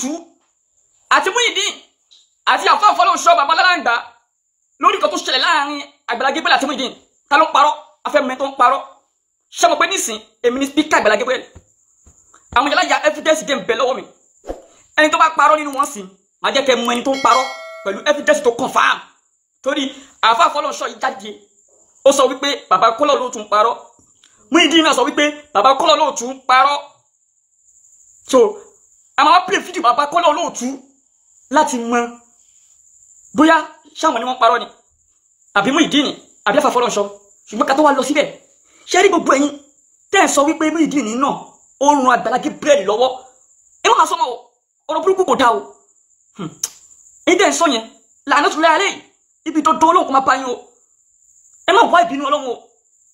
tútù àti Muyideen àti àfáàfọ́lọ́ ṣọ́ bàbá lálàǹgbà lórí nǹkan tó ṣẹlẹ̀ láàrin Àgbàlá Gabriel àti Muyideen ta ló parọ́ afẹ́mi tó ń parọ́ ṣé mo pé nísìn èmi ni spíkà Àgbàlá Gabriel àwọn yàrá ya evidence dé ń bẹ lọ́wọ́ mi ẹni tó bá parọ́ nínú wọn sí màá jẹ́ kẹ́ mọ ẹni tó ń parọ́ pẹ̀lú evidence tó confam torí àfáàfọ́lọ́ ṣọ́ yìí jáde ó sọ wípé bàbá kọ́lọ́ ló tún parọ́ Muyideen náà sọ wípé bàbá kọ́lọ́ ló tún parọ́ so a máa play fídíò bàbá kọ́lá olóòtú láti mọ bóyá ṣáwọn ni wọ́n parọ́ ni àbí mú ìdí ni àbí àfàfọ́lọ́ṣọ ṣùgbọ́n ká tó wá lọ síbẹ̀ ṣé rí gbogbo ẹ̀yin tẹ́ ẹ̀ sọ wípé mú ìdí ni náà ó ń run Àgbàlá Gabriel lọ́wọ́ ẹ má sọmọ o ọ̀rọ̀ burúkú kò dá o hmm. ẹ̀yin tẹ́ ẹ̀ sọ yẹn làánú tún láyà lẹ́yìn ibi tó dán olóòkú máa bá yín o ẹ má wá ìbínú ọlọ́run o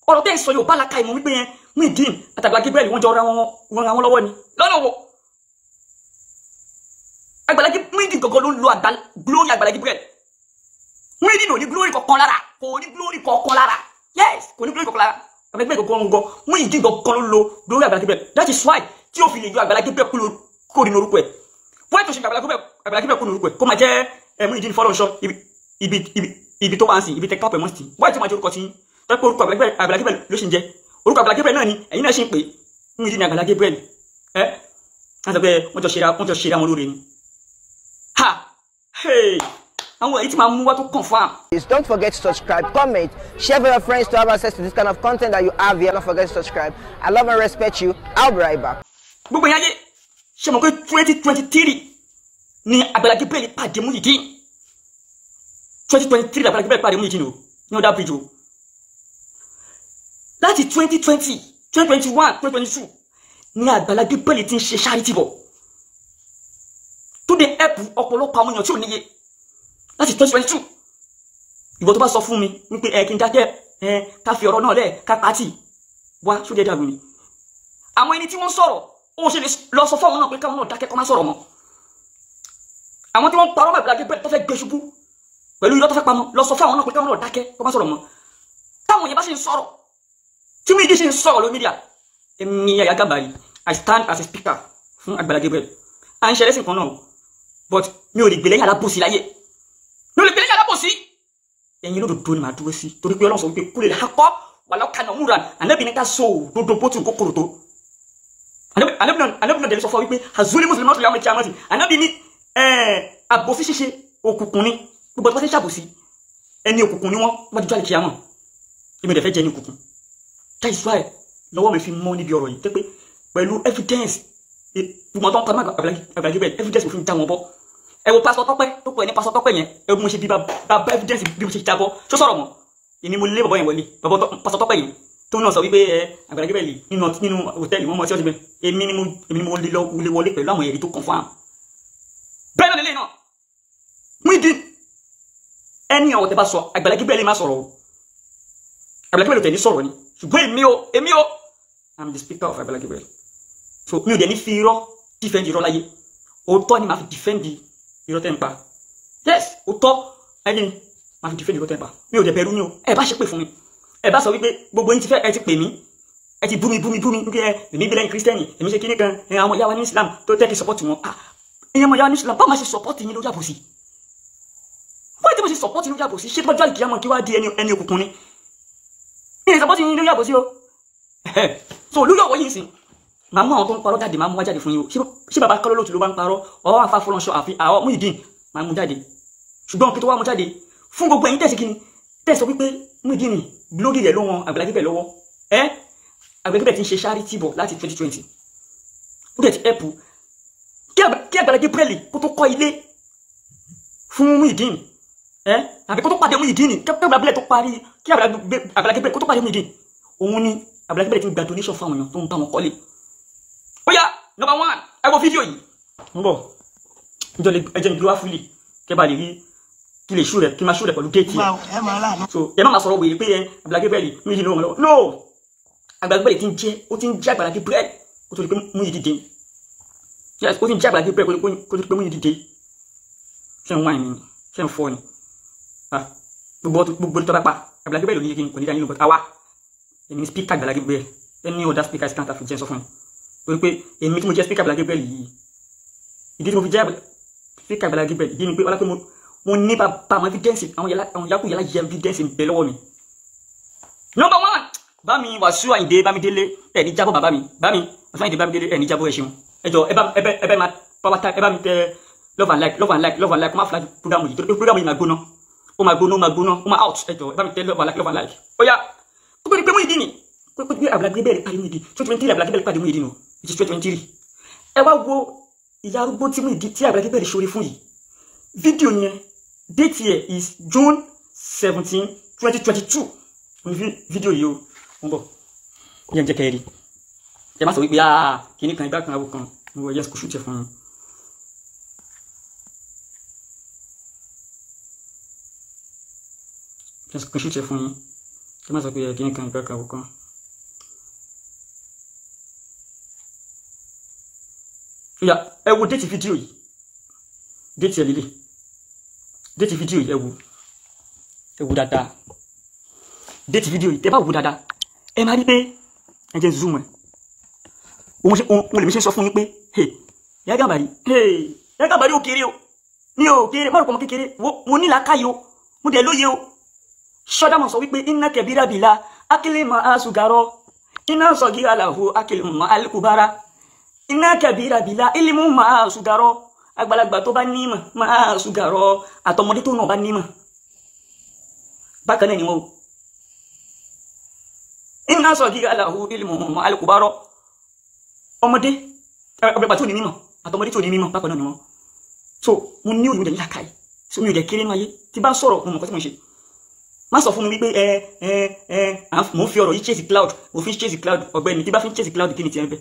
ọ̀rọ̀ tẹ́ ẹ̀ sọ yóò bá làkà ìmọ̀ wípé yẹn mú ìdí ni àtàgbà Gabriel wọ́n jọ ra wọn lọ́wọ́ ni lọ́nà Àgbàlá Muideen gangan ló ń lo àgbà glory Àgbàlá Gabriel Muideen ò ní glory kankan lára kò ní glory kankan lára yes kò ní glory kankan lára Àgbàlá Gabriel gangan gangan Muideen gangan ló ń lo glory Àgbàlá Gabriel that is why tí o fi lè yọ Àgbàlá Gabriel kúrò nínú orúkọ ẹ wọ́n ètò ìṣẹ̀lẹ̀ Àgbàlá Gabriel kúrò nínú orúkọ ẹ kó máa jẹ́ eh, Muideen fọlọ́nṣọ́ ibi tó wá ń sìn ibi tẹ kápẹ́ mọ́sítì wọ́n ètò máa jẹ́ orúkọ tí tọ́pẹ́ orúkọ Àgbàlá Gabriel ló ṣì ń jẹ́ orúkọ Àgbàlá Gabriel náà ni ẹ̀yin náà ṣì ń pè Muideen Àgbàlá Gabriel ẹ́ eh, wọ́n jọ ṣe ra wọn lóore ni ha hey àwọn èyí tí màá mú wá confirm. please don't forget to subscribe comment share with your friends to have access to this kind of content that you have here don't forget to subscribe i love and respect you i'll be right back. gbogbo ìyáyé ṣe mọ̀ twenty twenty three ni Agbala Gabriel pàdé Muyideen twenty twenty three Agbala Gabriel pàdé Muyideen o ní ọ̀dà bíjì o láti twenty twenty twenty one twenty twenty two ni Agbala Gabriel ti ń ṣe tó dé ẹ̀pù ọ̀pọ̀lọpọ̀ àwọn èèyàn tí ò níye láti twenty twenty two ìwọ tó bá sọ fún mi wípé ẹ kí n dákẹ́ ẹ ká fi ọ̀rọ̀ náà lẹ̀ ká pàtì wá sóde dàgbù ni àwọn ẹni tí wọ́n sọ̀rọ̀ ó ṣe lè lọ sọ fún àwọn náà pé káwọn náà dákẹ́ kọ́ má sọ̀rọ̀ mọ́ àwọn tí wọ́n parọ́ mọ́ ìbílẹ̀ bẹ́ẹ̀ tó fẹ́ gbé ṣubú pẹ̀lú irọ́ tó fẹ́ pamọ́ lọ sọ fún àwọn náà pé káwọn náà dákẹ́ kọ́ má sọ̀rọ̀ mọ́ táwọn yẹn bá ṣe ń sọ̀rọ̀ tí mídìí ṣe ń sọ̀rọ̀ lórí mídíà èmi àyà gàbàrí I stand as a speaker fún Agbala Gabriel à ń ṣe ẹlẹ́sìn kan náà but mi ò lè gbèlẹ́yìn alábòsí laye. mi ò lè gbèlẹ́yìn alábòsí ẹ̀yin lódodo ni màá dúró sí torí pé ọlọ́sọ̀ wípé kúlẹ̀ lakọ́ wàlọ́ kanà múran ànábì ní ká so òdodo bó ti kókòrò tó ànábì náà dẹ̀bi sọ fún wa wípé azuli mùsùlùmí ọ̀tún yàwó kíámẹ́tì ànábì ní àbòsí ṣíṣe òkùnkùn ni gbogbo ti ń ṣàbòsí ẹni òkùnkùn ni wọ́n wọ́n ti jọ́ àlìkíyàmọ̀ èmi dẹ̀ fẹ́ jẹ́ ẹni òkùnkùn that is why lọ́wọ́ mi fi mọ́ níbi ọ̀rọ̀ yìí pé pẹ̀lú evidence ìgbìmọ̀ tó ń pa ní àgbàlagbẹ̀ evidence òfin dá wọn bọ́ ẹ wo pásítọ̀ Tọ́pẹ́ tó pẹ ní pásítọ̀ Tọ́pẹ́ yẹn ẹ wo mo ṣe bí bàbá evidence bí mo ṣe jabọ tó sọ̀rọ̀ mọ́ èmi mo lé bàbá yẹn wọlé bàbá pásítọ̀ Tọ́pẹ́ yẹn tó náà sọ wípé ẹ àgbàdo gẹbẹlì nínú nínú hòtẹ́ẹ̀lì wọn mọ sí ọsibẹ èmi ni mo èmi ni mo lè lọ wọlé wọlé pẹ̀lú àwọn ẹ̀rí tó confirm bẹ́ẹ̀ náà lélẹ náà Muyideen ẹni àwọn tẹ́ bá sọ àgbàdo gẹbẹlì má sọ̀rọ̀ o àgbàdo gẹbẹlì tẹ ní sọ̀rọ̀ ni ṣùgbọ́n èmi o èmi o speaker of àgbàdo gẹbẹlì so mi ò dẹ ní fi irọ́ defend irọ́ láyé òótọ́ irọ́ tẹ́ ń pa yes ó tọ́ ẹni máa fi dìfẹ́ǹdì irọ́ tẹ́ ń pa mi ò dẹ̀ bẹ̀rù ni o ẹ bá ṣe pè fún mi ẹ bá sọ wípé gbogbo yín ti fẹ́ ẹ ti pè mí ẹ ti bú mi bú mi bú mi nígbà èmi bí lẹ́yìn kírísítẹ́nì èmi ṣe kíní gan ẹ̀yàn ọmọ ìyá wa ní Islam tó tẹ́ kí sọpọ́tì wọn à ah, ẹ̀yàn ọmọ ìyá wa ní Islam báwo máa ṣe sọpọ́tì yín lórí àbòsí báwo ti mo ṣe sọpọ́tì lórí àbòsí ṣé tọ́jú àlìkí àmọ́ kí wá di ẹni òkùnkùn ni mi ò sọpọ́tì yín lórí àbòsí o so olúyọ̀wọ̀ yìí sìn màá mú àwọn tó ń parọ́ jáde màá mú wá jáde fún yín o ṣé bàbá kọ́lọ́ lòtù ló bá ń parọ́ ọ̀hún àfa fọlọ́nṣọ àfi àwọn mú ìdín màá mú jáde ṣùgbọ́n kí tó wá mú jáde fún gbogbo ẹ̀yin tẹ̀sí kí ni tẹ̀sọ wípé mú ìdín ni lórí rẹ̀ ló wọn àgbàlagbẹ̀ lọ́wọ́ ẹ́ àgbàlagbẹ̀ ti ń ṣe charity bọ̀ láti 2020 ó dẹ̀ ti help kí àgbàlagbẹ̀ pẹ́ẹ́lì kó tó kọ́ ilé fún mú ìdín ẹ́ àbí kó tó pàdé mú ìdín ni kí àgbàlagbẹ̀ tó parí kí àgbàlagbẹ̀ kó tó pàdé mú ìdín òun ni àgbàlagbẹ̀ ti gba donation fáwọn èèyàn tó ń bá wọn kọ́lé ó yá number one ẹ wo fídíò yìí ń bọ̀ níjọ́ lè ẹjẹ́ mi dúró wá fúlì kẹ́ bá lè rí kí lè ṣú rẹ̀ kí n máa ṣú rẹ̀ pẹ̀lú déètì ẹ̀ so ẹ má máa sọ̀rọ̀ wèrè pé ẹ Àgbàlá Gabriel méjì ló ń lọ no Àgbàlá Gabriel ti ń jẹ́ ó ti ń jẹ́ Àgbàlá Gabriel kó tó di pé mú yìí dìde yes ó ti ń jẹ́ Àgbàlá Gabriel kó tó di pé mú yìí dìde ṣé ń wáìn ni ṣé ń fọ ni ah, gbogbo tó bá pa Àgbàlá Gabriel ò ní yé kí n kò ní dá yín lóko àwa èmi ní speaker Àgbàlá Gabriel any other speaker is counter for jẹ́ sọ fún wípé èmi tí mo jẹ́ speaker Agbala Gabriel yìí ìdí tí mo fi jẹ́ speaker Agbala Gabriel ìdí ni pé ọlá pé mo ní bàbá àwọn evidence àwọn yakun yàrá yẹ evidence ń bẹ lọ́wọ́ mi. number one bami mi Wasiu bami Bámidélé ẹ̀ ní jábọ̀ bàbá mi bá mi Wasiu Ayinde Bámidélé ẹ̀ ní jábọ̀ ẹ̀ ṣeun ẹ jọ ẹ bá ẹ bá máa pàwọ́ tá ẹ bá mi tẹ love and like love and like love and like kó má fila program yìí torí pé program yìí máa gbóná ó máa gbóná ó máa gbóná ó máa out ẹ jọ ẹ bá mi tẹ love and like love and like ó yá kó tó di pé mú ìdí ni kó tó di pé Agbala Gabriel parí mú ìdí tó ti pé Agbala Gabriel parí mú ìdí ni o which is twenty twenty three ẹ wá wo ìyá arúgbó tí mi di tí Àgbàlá Gabriel ṣoore fún yìí Video, yẹn date here is June seventeen twenty twenty two fídíò yìí o ń bọ̀ yẹn jẹ́ kẹ́rì ẹ má sọ wípé aa ah, kìíní kan igbá kan awo kan mo wọ yẹsùn kò ṣùtẹ fún un. yẹsùn kò ṣùtẹ fún un ẹ má sọ pé eh, kìíní kan igbá kan awo ya ẹ wo déètì fídíò yìí déètì ẹ̀ lélẹ̀ déètì fídíò yìí ẹ wo ẹ wo dáadáa déètì fídíò yìí tẹ́ bá wo dáadáa ẹ máa rí pé ẹ jẹ́ zoom ẹ̀ òun lèmi ṣe sọ fún yín pé Yahya Gabari Yahya Gabari ò kéré o mi ò kéré má rò pọ̀ mọ́ kékeré mo ní làákàyè o mo dẹ̀ lóye o ṣọ́dámọ̀ sọ wípé iná kẹbírábìlà akílẹ̀ mọ́ asugaro. iná sọ̀gí aláhùn akílẹ̀ mọ́ alùkùbára iná kẹbíra bìlá ilimu máa ṣùgárọ àgbàlagbà tó bá nímọ̀ máa ṣùgárọ àtọmọdé tó náà bá nímọ̀ bákan ni wọn o iná sọ gíga aláhu ilimu alukubarọ ọmọdé àgbàlagbà tó ní mímọ̀ àtọmọdé tó ní mímọ̀ bákan ni wọn so mo ní òyìnbó dẹni làkàyè so mi ò dẹ kéré nínú ayé tí bá sọ̀rọ̀ mo mọ nǹkan tí mo ń ṣe má sọ fún mi wípé ẹ ẹ ẹ mò ń fi ọ̀rọ̀ yìí chase cloud mo fi ń chase cloud ọ̀gbẹ́ni tí bá fi chase cloud kí ni tiẹ̀ ń bẹ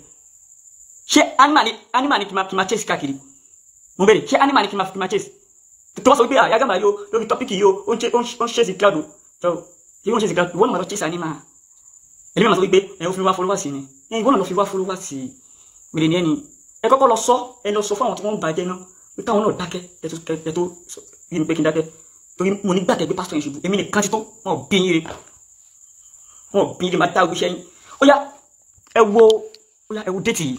ṣé animal animal anima ni kì máa kì máa chase káàkiri mo bẹ̀rẹ̀ ṣé anima ni kì máa kì máa chase tó bá sọ wípé àyà gàmbá yìí o lórí tọ́pìkì yìí o ó ń ṣe cloud o ṣe ó ń ṣe sí cloud ìwọ ni màá lọ chase anima ẹlẹ́mi màá sọ wípé ẹ ó fi wá followers ni ẹ ìwọ náà lọ fi wá followers gbèrè ni ẹni ẹ kọ́kọ́ lọ sọ ẹ lọ sọ fún àwọn tí wọ́n ń bàjẹ́ náà pé káwọn náà dákẹ́ ẹ tó yí mi pé kí n dákẹ́ torí mo ní gbàgbé pásítọ̀ yẹn ṣubú èmi nìkan ti tó wọn ò bí yín re wọn ò bí yín re máa dá ogun iṣẹ́ yín ó yá wo ó yá ẹ wo déètì yìí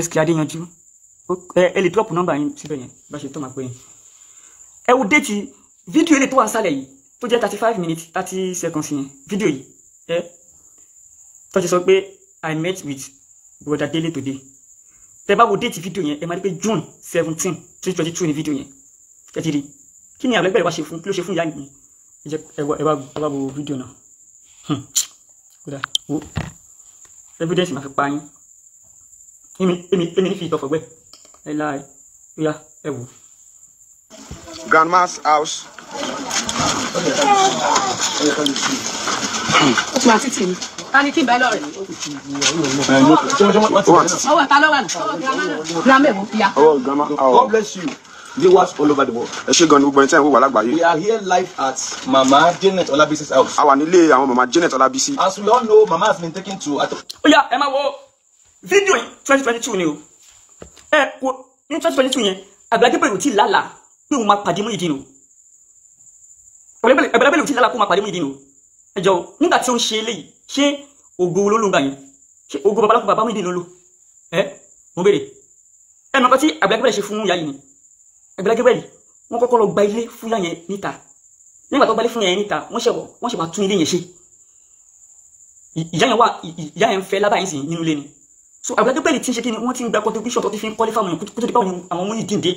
sk adéyanjú ẹ lè drop nọ́mbà yín síbẹ̀ yẹn bá ṣe tọ́ máa pé yín ẹ wo déètì fídíò ilé tó wà nísàlẹ̀ yìí tó jẹ́ thirty five minutes thirty seconds yẹn fídíò yìí ẹ tó ti i met with brother daily today tẹ bá wo date fídíò yẹn ẹ máa rí pé june seventeen twenty twenty two ni fídíò yẹn ẹ ti rí kí ni àbẹ̀gbẹ̀rẹ̀ wá ṣe fún kí ló ṣe fún ìyá yìí ẹ wá wo fídíò náà hmm. evidence máa fi pa yín èmi èmi èmi ní fi ìtọ́ fọ̀gbẹ́ ẹ láì ya ẹ wò. grandma's house. ó ti máa títì ni ta ni kí n bá lọ rẹ. ọwọ́ ta ló wà ní. grandma ẹ̀ wò ya. ọwọ́ grandma awọ. Oh. God bless you viewers all over the world. ẹ ṣé gan ni gbogbo ẹni tí ẹ ń wò wá we are here live at mama janet olabisi's house. a wà nílé àwọn mama janet olabisi. as we all know mama has been taken to. ó yá ẹ máa wo Video yìí twenty twenty two ni o ẹ kò ní twenty twenty two yẹn Agbala Gabriel ò tí ì lálàá pé òun máa pàdé Muyideen o Agbala Gabriel ò tí ì lálàá pé òun máa pàdé Muyideen o ẹ jọ nígbà tí ó ń ṣe eléyìí ṣé ògo olólùgbà yẹn ṣé ògo babaláko bàbá Muyideen ló lò ẹ mo béèrè ẹ mọ̀ nǹkan tí Agbala Gabriel ṣe fún yá yìí ni Agbala Gabriel wọ́n kọ́kọ́ lọ gba ilé fún yá yẹn níta nígbà tó gba ilé fún yá yẹn níta wọ́n ṣẹ̀ wọ́n ṣẹ̀ wá tún ilé yẹn ṣe ìyá yẹn wà ìyá yẹn fẹ́ lábàáyín sí nínú ilé ni so àgbàdo pẹ̀lú tí ń ṣe kí ni wọ́n ti ń gba contribution tó ti fi ń kọ́lé fáwọn èèyàn kó tó di báwọn àwọn mú ìdíǹde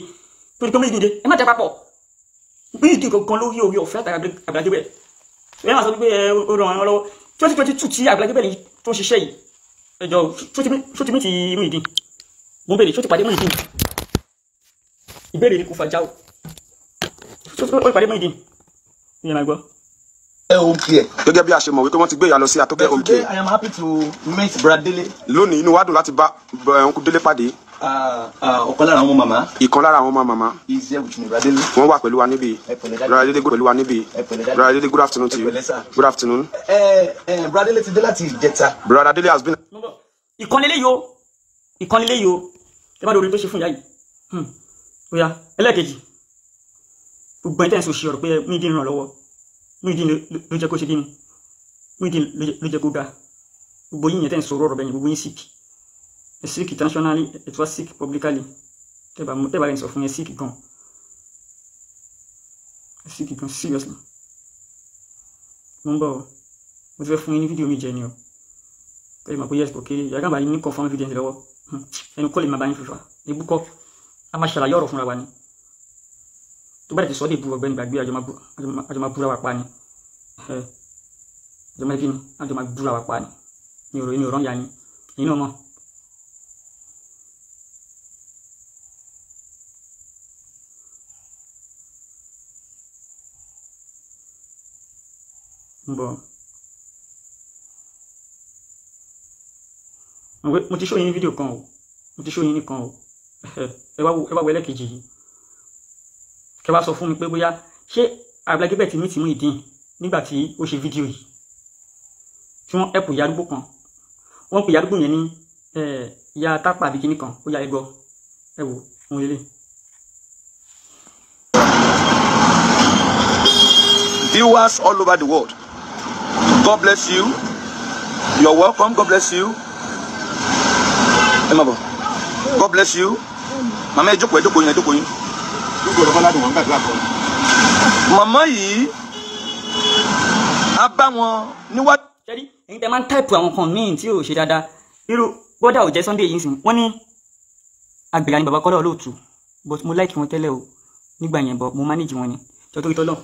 tó di pé mú ìdíǹde ẹ má jà papọ̀ mú ìdí kankan lórí orí ọ̀fẹ́ àgbàdo pẹ̀lú ẹ má sọ pé ẹ ó ràn án lọ́wọ́ twenty twenty two tí àgbàdo pẹ̀lú tó ń ṣiṣẹ́ yìí ẹjọ́ sóti mi ti mú ìdí mo béèrè sóti pàdé mú ìdí ìbéèrè ni kò fà já o sóti pàdé mú ìdí ìyẹn máa gbọ́ home care. gẹ́gẹ́ bí a ṣe mọ̀ wípé wọ́n ti gbé ìyá lọ sí atọ́kẹ́ home care. today i am happy to meet bradele. lónìí inú wa dùn láti bá ọkùn délé pàdé. Ah, ah, ọ̀kan mama. àwọn màmá. ìkan lára àwọn màmá. he is here with me Bradley, wọ́n wà pẹ̀lú wa níbí. bradele good wa níbí. bradele good afternoon to you. good afternoon. Eh, eh, Bradley, ti dé láti ìjẹta. Bradley has been. ìkànnilé yo ìkànnilé yo ẹ bá dòrin tó ṣe fún ìyá yìí hmm. ó yá ẹlẹ́ẹ̀kejì gbogbo ẹ̀ tẹ̀ ń sọ ṣe ọ̀rọ̀ pé mí dín ìrànlọ́wọ́ méjì ló jẹ́ kó ṣe kí ni méjì ló jẹ́ kó ga gbogbo yín yẹn tẹ́ ń sọ̀rọ̀ publicly tẹ́bà tẹ́bà rẹ̀ ń sọ fún yẹn seriously mo ń bọ̀ ọ́ ti fẹ́ fún yín fídíò mi jẹ ni o kẹ́lẹ́ mọ̀ pé yẹ́sì kò kéré yàrá bàbá yín ní confirm evidence lọ́wọ́ hmm. ẹnu kọ́ lè má bá yín fífa ebúkọ́ a máa ṣàlàyé ọ̀rọ̀ fúnra wa ni tó bá dẹ̀ ti sọ dé bu ọ̀gbẹ́ni gbàgbé àjọ máa búra wa pa ni àjọ máa kí ni àjọ búra wa pa ni mi ò mi ò rán ya ni inú mọ́. bọ̀ mo ti show yín fídíò kan o mo ti show yín nìkan o ẹ wá wọ ẹlẹ́kejì yìí kẹ wá sọ fún mi pé bóyá ṣé Àgbàlá Gabriel ti mí tì mú ìdín nígbà tí ó ṣe fídíò yìí tí wọ́n ẹ̀pù ìyá arúgbó kan wọ́n pè ìyá arúgbó yẹn ní ìyá tápà àbí kíní kan ó yá ẹgbọ́ ẹ wò òun lélẹ̀. Viewers all over the world, God bless you. You're welcome. God bless you. Ẹ máa bọ̀. God bless you. Màmá ẹ jókòó ẹ jókòó yín ẹ jókòó yín. Mama, bọ́lá ni wọ́n ń gbàdúrà fún un. màmá yìí a bá wọn níwájú. ṣẹ́rí ẹ̀yin tẹ́ máa ń táìpù àwọn kan míì tí ò ṣe dáadáa irú bọ́dà ò jẹ́ Sunday yìí sìn wọ́n ní àgbèrè ni bàbá Kọ́lá Olóòtú but mo láìkí wọn tẹ́lẹ̀ o nígbà yẹn bọ̀ mo manage wọn ni tọ́tọ́rí tọ́lọ́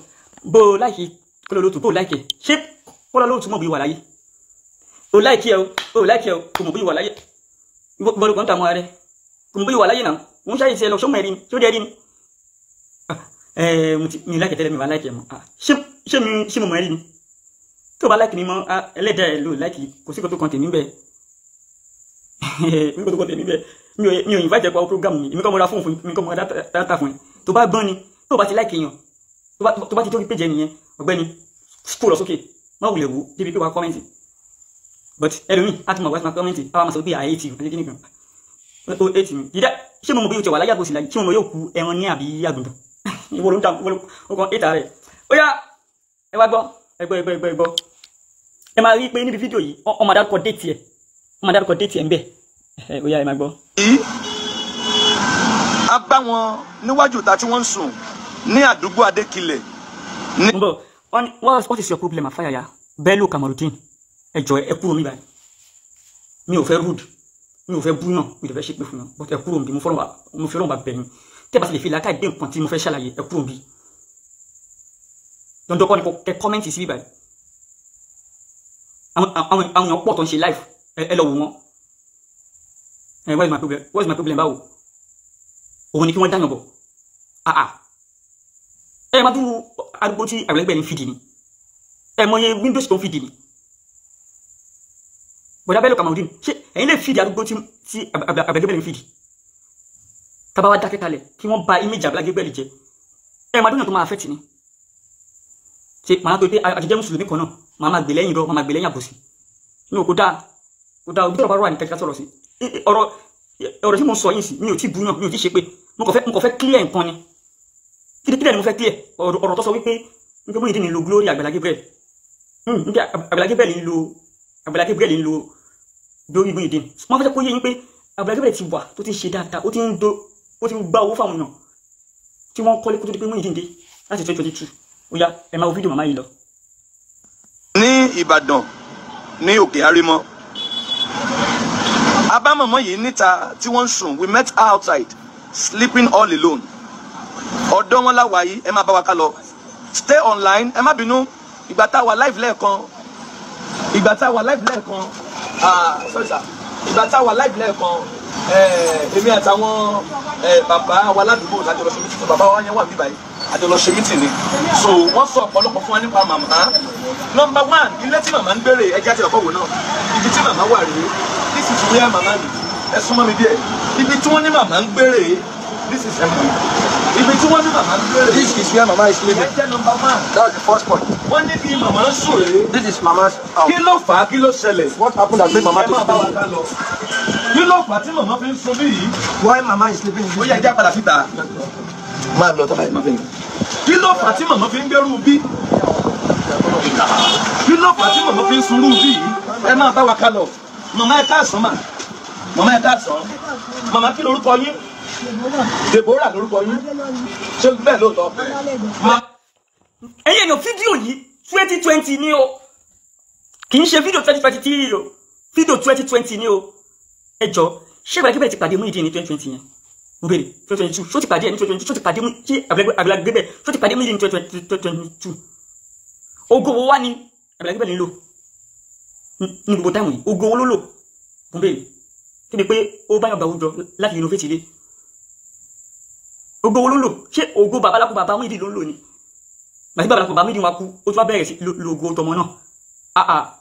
bó o láìkí Kọ́lá Olóòtú bó o láìkí ẹ̀ ṣé Kọ́lá Olóòtú mọ̀ bí wà láyé o láìkí ẹ o o láìkí ẹ o kò mọ̀ bí wà láyé bọ́dù kan tà mọ́ ara rẹ kò mọ̀ bí wà láyé náà wọ́n ṣáà ẹ eh, mi láìkẹ tẹ́lẹ̀ mi wà láìkẹ mọ ah, ṣé ṣé mi ṣé mo mọ ẹ rí ni tó bá láìkì mi mọ ah, ẹlẹ́dàá ẹ lò láìkì kò sí kó tó kàn tèmi bẹ́ẹ̀ mi eh, kò tó kàn tèmi bẹ́ẹ̀ mi ò yìn fàjẹ́ pa program mi èmi kọ́ mo ra fóònù fún mi kọ́ mo ra dáta fún ẹ tó bá gbọ́n ni tó bá ti láìkì yàn tó bá ti jókè péjẹ nìyẹn ọ̀gbẹ́ni kó lọ sókè má wulẹ̀ wò débi pé wàá kọ́mẹ́ntì but ẹlòmíì á ti mọ̀ wáṣọ kọ́mẹ́ntì àwọn àmọ̀ sọ pé àyè tì mí àti kí ni kan ó ètì mí dídá ṣé mo mọ̀ bí o ti wà láyàgò sí láyé ṣé mo mọ̀ yóò ku ẹran ní àbí àgùntàn ìwọ ló ń tàn ìwọ ló éta rẹ̀ ó yá ẹ wá gbọ́ ẹ gbọ́ ẹ gbọ́ ẹ máa rí i pé níbi fídíò yìí ọmọ àdàkọ déètì ẹ ọmọ àdàkọ déètì ẹ ń bẹ ó yá ẹ máa gbọ́. a bá wọn níwájú ìta tí wọ́n ń sùn ní àdúgbò adékilẹ̀. bọ́ what is your problem afáyàyà Bello Kamarudeen ẹ jọ ẹ kúrò mi báyìí mi ò fẹ́ rude mi ò fẹ́ bú náà mi ò fẹ́ ṣépè fún mi mo tẹ́ bá sì lè fi làákàyè dé nǹkan tí mo fẹ́ ṣàlàyé ẹ kúrò bí dandan kọ́ ni kò kẹ́ kọ́mẹ́ǹtì sí bíbáyìí àwọn èèyàn pọ̀ tó ń ṣe live ẹ lọ wò wọ́n ẹ eh, where is my problem where is my problem báwo òun ni kí wọ́n dáyàn bọ̀ àà ẹ máa dúró arúgbó tí àgbẹ̀lẹ́gbẹ̀ ní fìdí ni ẹ mọ iye windows tó ń fìdí ni bọ̀dá bẹ́ẹ̀ lọ Kamaldeen ṣé ẹ̀yin lè fìdí arúgbó tí àgbẹ̀lẹ́gbẹ̀ ní fìdí tàbá wá dákẹ́ kalẹ̀ kí wọ́n ba image Abiola Gabriel jẹ ẹ máa dúnyàn tó máa fẹ́ tì ní ṣe màá tó pé àjẹjẹ mùsùlùmí kan náà màá máa gbè lẹ́yìn rọ màá máa gbè lẹ́yìn àbòsí ní òkú dáa kó dáa ojútọ̀rọ̀ bá rọ àníkàkíkà sọ̀rọ̀ sí ọ̀rọ̀ ọ̀rọ̀ tí mo sọ yìí sí mi ò tí búyàn mi ò tí ṣe pé mo kàn fẹ́ clear nǹkan ni kí kílẹ̀ ni mo fẹ́ clear ọ̀rọ̀ tó sọ wípé nígbà bóyá ìdí ni lo glory Abiola Gabriel nígbà hmm, Abiola Gabriel ń lo Abiola Gabriel ń lo glory ìgbóyè dín mo fẹ́ kó yé do ó ti gba owó fáwọn èèyàn tí wọ́n kọ́lé kó tó di pé wọ́n yìí dìde láti twenty twenty two ó ẹ máa wo fídíò màmá yìí lọ. ní ìbàdàn ní òkè arímọ a yìí níta tí wọ́n ń sùn we met outside sleeping all alone ọ̀dọ́ wọn láwa yìí ẹ máa bá wa ká lọ stay online ẹ má bínú ìgbà tá a wà live lẹ́ẹ̀kan ìgbà tá a wà live lẹ́ẹ̀kan ah ìgbà tá a wà live lẹ́ẹ̀kan. Eh, èmi àtàwọn eh, bàbá wa ládùúgbò lájọ lọ ṣe mítìtì bàbá wa yẹn wà bí báyìí àjọ lọ ṣe mítìtì so wọ́n sọ ọ̀pọ̀lọpọ̀ fún wa nípa màmá nọ́mbà one ilé tí màmá ń béèrè ẹja ti ọkọ̀ wò náà ibi tí màmá wà rèé this is where màmá mi ẹ súnmọ́ mi díẹ̀ ibi tí wọ́n ní màmá ń béèrè this is ẹ̀mọ́ ibi tí wọ́n ní màmá ń béèrè this is where mama is living ẹ jẹ́ nọ́mbà one that's the first point wọ́n ní bí màmá ń sùn rèé this is mama's house kí ló what happened that made mama kí ló fà tí màmá fi ń why mama is sleeping in this room. ó yẹ ẹja padà síta. máa lọ tọ́ba yìí máa fi ń. kí ló fà tí màmá fi ń gbẹ́rù bí. kí ló fà tí màmá fi ń sunrú bí yìí. ẹ máa bá wa ká lọ. màmá ẹ káàsán mà. màmá ẹ káàsán. màmá kí lorúkọ yín. Deborah lorúkọ yín. ṣé bẹ́ẹ̀ lóòótọ́. ẹyẹ èèyàn fídíò yìí twenty twenty ni o kì í ṣe fídíò twenty twenty three o fídíò twenty twenty ni o ẹ jọ ṣé Agbala Gabriel ti pàdé Muyideen ní twenty twenty yẹn mo béèrè twenty twenty two ṣó ti pàdé ẹ twenty twenty two ṣó ti pàdé ṣé Agbala Gabriel ṣó ti pàdé Muyideen ní twenty twenty two ogo wo wá ní Agbala Gabriel nílò ní gbogbo táwọn yìí ogo wo ló lò mo béèrè kébi pé ó bá yàgbà oúnjọ láti innovate ilé ogo wo ló lò ṣé ogo babalako baba Muyideen ló ń lò ni màtí babalako baba Muyideen wa kú ó tún wá bẹ̀rẹ̀ sí lo ogo tọmọ náà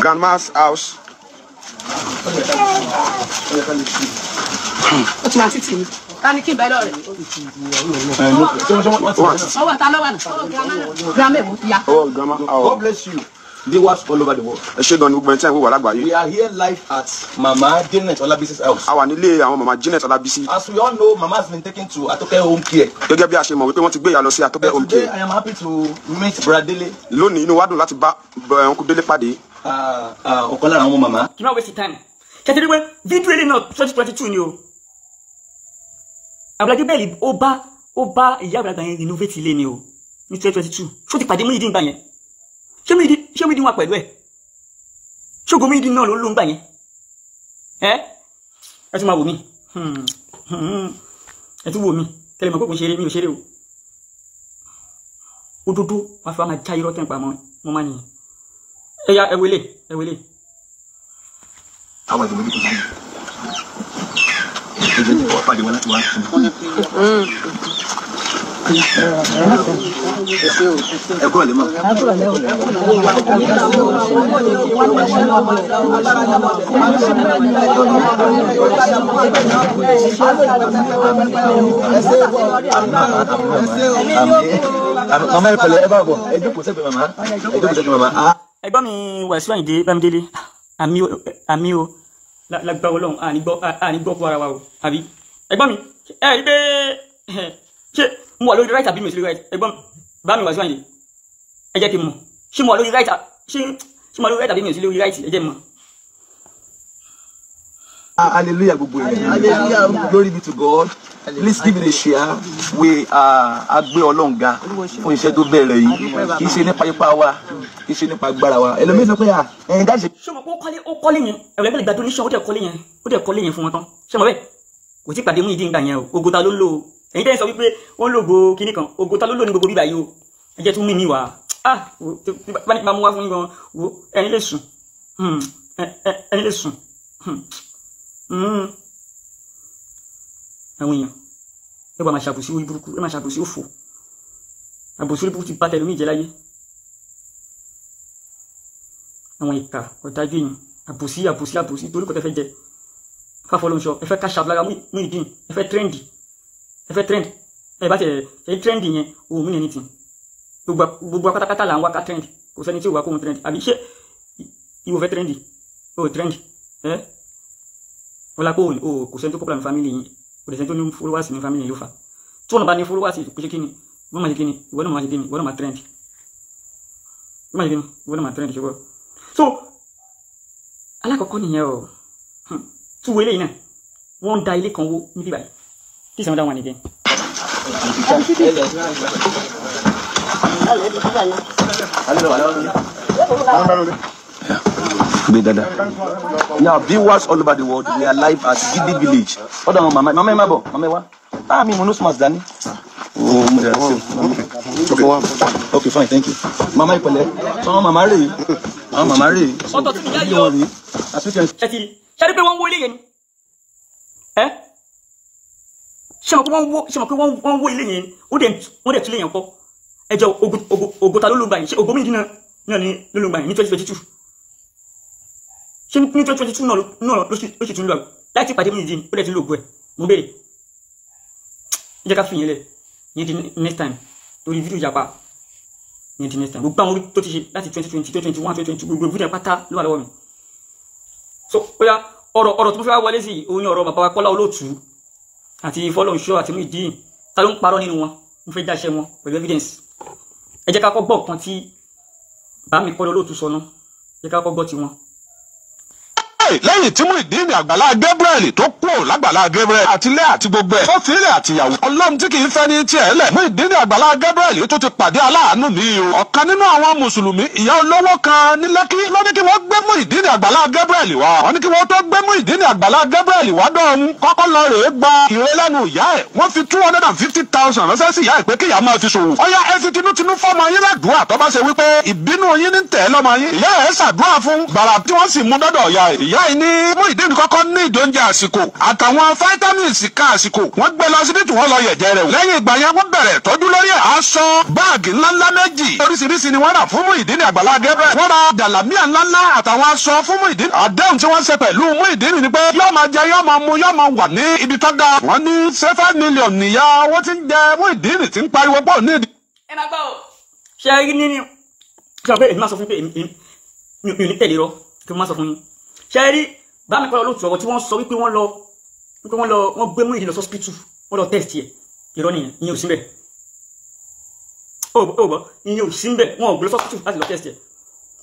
grandma's house. o ti ma ti tì mí ká ní kí n bẹ lọrẹ. ọwọ́ ta ló wà náà grandma èwo oh. ti ya. ọwọ́ grandma awọ. God bless you viewers all over the world. ẹ ṣe gan-an gbogbo ẹni tí ẹ ń lágbàáyé. we are here live at mama janet olabisi's house. a wà nílé àwọn mama janet olabisi. as we all know mama has been taken to atoke home care. gẹ́gẹ́ bí a ṣe mọ̀ wípé wọ́n ti gbé ìyá lọ sí atoke home care. today i am happy to meet bradele. lónìí inú wa dùn láti bá ọkùn eh, délé pàdé. Ah, ah, ọ̀kan lára àwọn màmá. kì í waste time ṣe ti rí pé fídíò eré náà twenty twenty two ni o àbúrájú bẹ́ẹ̀lì ó bá ó bá ìyá àgbàlagbà yẹn renovate ilé ni o ní twenty twenty two ṣó ti pàdé Muyideen gbà yẹn ṣé Muyideen wà pẹ̀lú ẹ̀ ṣógo Muyideen náà ló ló ń gbà yẹn ẹ ẹ tún máa wò mí hmm, hmm, ẹ tún wò mí kẹlẹ́ mọ̀ pé kò ń ṣeré mi ò ṣeré o òdodo wàá fi wá máa já irọ́ tẹ̀ ń pa mọ́ mọ́ máa nìyẹn ẹ ya ẹ wele ẹ wele. àwọn ìgbìmọ̀ nípa ìgbìmọ̀ ìgbìmọ̀ nípa ọ̀pá ìdíwọ́ láti wá. ẹ kúrò lè mọ. Mama ẹ pẹ̀lẹ́ ẹ bá bọ̀ ẹ jókòó sẹ́gbẹ̀ẹ́ mama ẹ jókòó sẹ́gbẹ̀ẹ́ mama ẹgbọ́n mi Wasiu Ayinde Bámidélé àmì o àmì o lágbá ọlọ́run àní gbọ́ fún ara wa o àbí ẹgbọ́n mi ẹ rí pé ṣé mo wà lórí right àbí mi ò sí lórí right ẹgbọ́n mi bá mi Wasiu Ayinde ẹ jẹ́ kí n mọ̀ ṣé mo wà lórí right ṣé ṣé mo wà lórí right àbí mi ò sí lórí right ẹ jẹ́ mọ̀. hallelujah gbogbo ènìyàn glory be to God please give me a share wé agbé ọlọ́run ga fún iṣẹ́ tó bẹ̀rẹ̀ yìí kì í ṣe nípa ipa wa kì í ṣe nípa agbára wa ẹlòmíín sọ pé à ah, ẹ̀yin dáṣe. ṣé o mọ̀ pé ó kọ́lé ó kọ́lé yẹn ẹ̀rọ ẹgbẹ́ ìgbà tó níṣan ó dẹ̀ kọ́lé yẹn ó dẹ̀ kọ́lé yẹn fún wọn tán ṣé mo bẹ́ẹ̀ kò tí pàdé mú ìdí ìgbà yẹn o ogota ló ń lò ẹ̀yin tẹ́yìn sọ wípé ó ń lò gbo kinní kan ogota ló ń lò ní gbogbo bíbá yìí o ẹ jẹ́ tún mí mi wá ah bá nípa mú wá fún yín gan wo ẹ̀yin lè sùn hmm, ẹ̀yin lè sùn. Hmm, hmm àwọn èèyàn ẹ bá máa ṣàbùsí orí burúkú ẹ máa ṣàbùsí òfò àbùsí orí burúkú ti bá tẹlómi jẹ láyé àwọn ìka ọ̀dájú èèyàn àbùsí àbùsí àbùsí torí kò tẹ fẹ́ jẹ fáfọlọ́nṣọ ẹ fẹ́ káṣà lára mú ìdín ẹ fẹ́ tírẹ́ǹdì ẹ fẹ́ tírẹ́ǹdì ẹ bá tẹ ẹ tírẹ́ǹdì yẹn òun mìíràn nìtì gbogbo akátakátá là ń wá ká tírẹ́ǹdì kò sẹ́ni tí ò wá kóhun tírẹ́ǹdì àbí ṣé ìwọ fẹ́ tírẹ́ǹdì ó tírẹ́ǹdì ẹ ọlápò ò kò sẹ́ni tó pọ́pọ́lá mi fámìlì yìí kò lè sẹ́ni tó ní followers ní family yóò fà tí wọn bá ní followers kò ṣe kíni wọn máa ṣe kíni ìwọ náà máa ṣe kíni ìwọ náà máa trend wọn máa ṣe kíni ìwọ náà máa trend ṣùgbọ́n so alákọ̀ọ́kọ́ nìyẹn o hmm. túwò eléyìí náà wọ́n ń da ilé kan wó níbí báyìí please another one again. Hello, hello gbé dada yeah viewers all over the world we are live at Gidi village hold on mama mama ma mama wa ah mi mo no smart dani. Oh, okay. okay fine thank you mama ìpẹ̀lẹ́ sọ mama rè é àwọn mama rè é ọ̀tọ̀ tí mi yá yìí ọ ẹ ti ṣáde pé wọn wọlé yẹn ni ẹ ṣe mọ̀ pé wọ́n wó one mọ̀ pé wọ́n wó ilé yẹn ó dẹ̀ wọ́n dẹ̀ tún lé yẹn kọ́ ẹ jẹ́ ògùn ògùn ògùn ta ló ló gbà yẹn ṣe ògùn mi dínà náà ni ló ló gbà yẹn ní twenty twenty two ṣé ní twenty twenty two náà ló sì tún lọ láì tí pàdé mi nìyí ó dẹ̀ ti lóògùn ẹ̀ mo béèrè ẹ jẹ́ ká fi yẹn lẹ̀ yẹn di next time torí fídíò ìjàpá yẹn di next time gbogbo àwọn orí tó ti ṣe láti twenty twenty twenty twenty one twenty twenty gbogbo fídíò pátá ló wà lọ́wọ́ mi so ó yá ọ̀rọ̀ ọ̀rọ̀ tó mo fẹ́ wọlé sí oyin ọ̀rọ̀ bàbá wa Kọ́lá Olóòtú àti Fọlọ́runṣọ́ àti Muyideen ta ló ń parọ́ nínú wọn mo fẹ́ dáṣẹ́ wọn pẹ̀lú evidence ẹ jẹ́ ká kọ́ gbọ́ nǹkan tí bàá mi Kọ́lá Olóòtú sọ náà ẹ jẹ́ ká kọ́ gbọ́ tiwọn báyìí lẹ́yìn tí Muyideen àgbàlá Gabriel tó kúrò lágbàlá Gabriel àtilẹ̀ àti gbogbo ẹ̀ fọ́fílẹ̀ àtìyàwó ọlọ́run tí kì í fẹ́ ní tiẹ̀ lẹ̀ Muyideen àgbàlá Gabriel tó ti pàdé aláàánú ní o ọ̀kan nínú àwọn mùsùlùmí ìyá olówó kan ní Lẹ́kí ló ní kí wọ́n gbé Muyideen àgbàlá Gabriel wá wọ́n ní kí wọ́n tó gbé Muyideen àgbàlá Gabriel wá dọ̀hún kọ́kọ́ lọ rèé gba ìrẹ́ lẹ́nu ìyá ẹ̀ wọ́n two hundred and fifty thousand ránṣẹ́ sí ìyá ẹ̀ pé kíyà máa fi ṣòwò ọ̀yà ẹ fi tinútinú fọ́mọ yín ládùúrà tó bá ṣe wípé ìbínú yín ní tẹ̀ lọ́mọ yín ìyá ẹ̀ ṣàdúrà fún gbàrà tí wọ́n sì mú ìyá yìí ní Muyideen kọ́kọ́ ní ìdóúnjẹ àsìkò àtàwọn vitamins ká àsìkò wọ́n gbé lọ síbítù wọ́n lọ yẹ̀jẹ̀ rẹ̀ wò. ìgbà yẹn wọ́n bẹ̀rẹ̀ tọ́jú lórí aṣọ báàgì ńláńlá méjì oríṣiríṣi ni wọ́n rà fún Muyideen Àgbàlá Gabriel. wọ́n ra dàlàmíà ńláńlá àtàwọn aṣọ fún Muyideen. àdéhùn tí wọ́n ṣe pẹ̀lú Muyideen ni pé yóò máa jẹ yóò máa mu yóò máa wà ní ibi tó ga. wọ́n ní seven million nìyá owó tí ń jẹ Muyideen ti ń pariwo pọ̀ ní ìdí. máa sọ fún pé èmi ò ní tẹ̀lé rọ kí n má sọ fún yín ṣe rí bámi kọ́ lóòtù ọ̀rọ̀ tí wọ́n sọ wípé wọ́n lọ wípé wọ́n lọ wọ́n gbé mú ìdílọ sọ́spítù wọ́n lọ test yẹ irọ́ nìyẹn ìyẹn ò sí mbẹ̀ ó bọ̀ ìyẹn ò sí mbẹ̀ wọ́n ò gbé sọ́spítù láti lọ test yẹ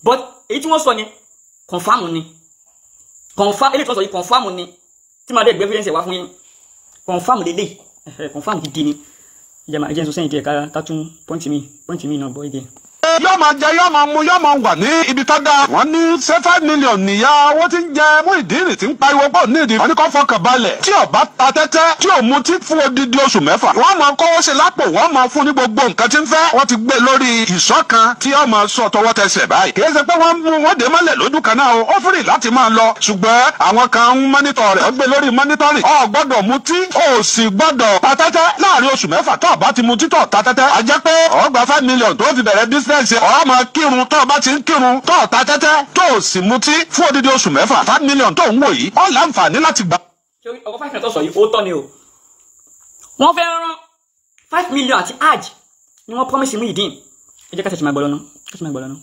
but èyí tí wọ́n sọ yẹn confam ni confam eléyìí tí wọ́n sọ yìí confam ni tí màá dé gbé evidence wá fún yín confam lélẹ̀ confam gidi ni ìjàmbá ìjẹun sọ sẹ́yìn díẹ̀ ká tún pọ́ǹtì mi pọ́ǹtì mi náà bọ́ ìdí yóò máa jẹ yóò máa mu yóò máa wà ní ibi tó dáa. wọ́n ní ṣé five million nìyá owó tí ń jẹ Muyideen tí ń pariwo pọ̀ nídìí. wọ́n ní kó fọkàn balẹ̀ tí ò bá ta tẹ́tẹ́ tí ò mu tí fún odidi oṣù mẹ́fà. wọ́n máa kówó ṣe lápò wọ́n máa fún ní gbogbo nǹkan tí ń fẹ́. wọ́n ti gbé lórí ìṣọ́ kan tí ó máa sọ tọwọ́ tẹsẹ̀ báyìí. kì í ṣe pé wọ́n mú wọn dé mọ́lẹ̀ lójú kan náà o ó fìrì láti máa lọ. ṣùgbọ́n àwọn kan ń mọ́nítọ̀ rẹ̀ ó gbé lórí mọ́nítọ̀rì. o a jẹ́ pé o gba five million tó fi bẹ̀rẹ̀ business ṣe ọ máa kírun tó o bá ti ń kírun tó o ta tẹ́tẹ́ tó o sì mutí fún odidi oṣù mẹ́fà five million tó ń wò yìí ó láǹfààní láti gbà. torí ọkọ five million tó sọ yìí ó tọ́ ni o wọ́n fẹ́ rán five million àti hajj ni wọ́n promise Muyideen ẹ jẹ́ ká ṣe ṣe máa gbọ́ lọ́nà ká ṣe máa gbọ́ lọ́nà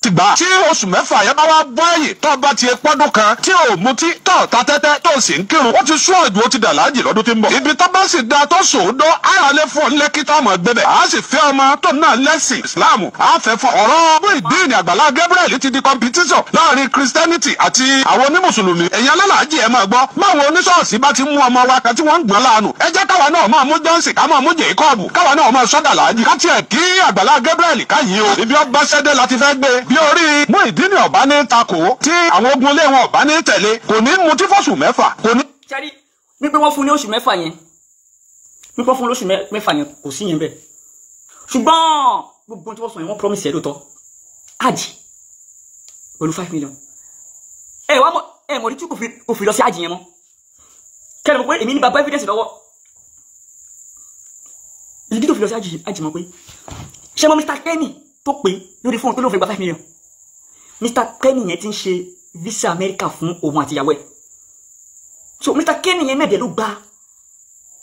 ti gbà. tí oṣù mẹ́fà yẹn bá wá bọ́ ẹ̀yìn tó bá ti pọ́dún kan tí ò mutí tó ta tẹ́tẹ́ tó sì ń kírun. ó ti sún ọ̀dùn ó ti dà láàjì lọ́dún tí ń bọ̀. ibi tó bá sì da tó sòódó àràlẹ́ fún ọ lẹ́kí tó ọmọ gbẹbẹ̀. a sì fẹ́ ọmọ tó náà lẹ́sìn islam a fẹ́ fún. ọ̀rọ̀ ọmọ ìdíìní àgbàlá gabriel ti di competition láàrin christianity àti àwọn onímùsùlùmí. ẹ̀yin alálàájì ẹ máa gbọ́ báwọn oníṣọ́ọ̀sì bá ti mú ọmọ wa kan tí wọ́n ń gbọ́n láàánú. ẹ jẹ́ káwa náà máa mú johnson ká máa mú jacob káwa náà máa sọ́dà láàjì. ká tiẹ̀ kí àgbàlá gabriel ká yí o. ibi ọ bí orí Muyideen ọ̀bá ní takò tí àwọn ogun ilé wọn ọ̀bá ní tẹ̀lé kò ní mutí fọ́sù mẹ́fà kò ní. sẹ́rí wípé wọ́n fún ní oṣù mẹ́fà yẹn wípé wọ́n fún lóṣù mẹ́fà yẹn kò sí yẹn bẹ́ẹ̀ ṣùgbọ́n gbogbo tí wọ́n sọ yẹn wọ́n promise ẹ̀ lóòótọ́ àjì pẹ̀lú five million ẹ wá mọ ẹ mọ̀ títí kò fi lọ sí àjì yẹn mọ́ kẹ́ni mo pé èmi ní baba evidence lọ́wọ́ ìdí tó fi lọ sí àjì mọ́ pé ṣé mo Mr. Kenny tó pé lórí fóònù pé lóòfin gba five mr kenny yẹn ti ń ṣe visa america fún òun àtìyàwó ẹ̀ so mr kenny yẹn mẹ́ẹ̀dẹ́ ló gba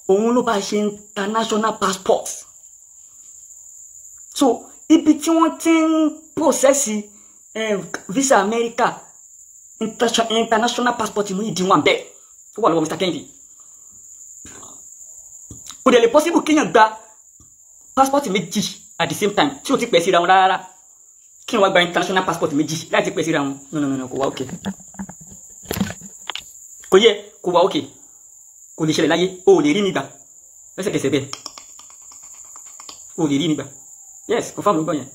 òun ló bá ṣe international passport so ibi tí wọ́n ti ń pòsẹ́sì eh, visa america international passport mú ìdíwọ̀n bẹ́ẹ̀ tó wà lọ́wọ́ mr kenny kò dẹ̀ lè possible kéèyàn gba passport méjì at the same time tí o ti pẹ̀ síra wọn rárá kí n gba international passport méjì láì ti pẹ̀ síra wọn no no no kò wá okay kò yẹ kò wá okay kò lè ṣẹlẹ̀ láyé o ò lè rí mi gbà lẹ́sẹ̀kẹsẹ̀ bẹ́ẹ̀ o ò lè rí mi yes confam ló gbọ́ yẹn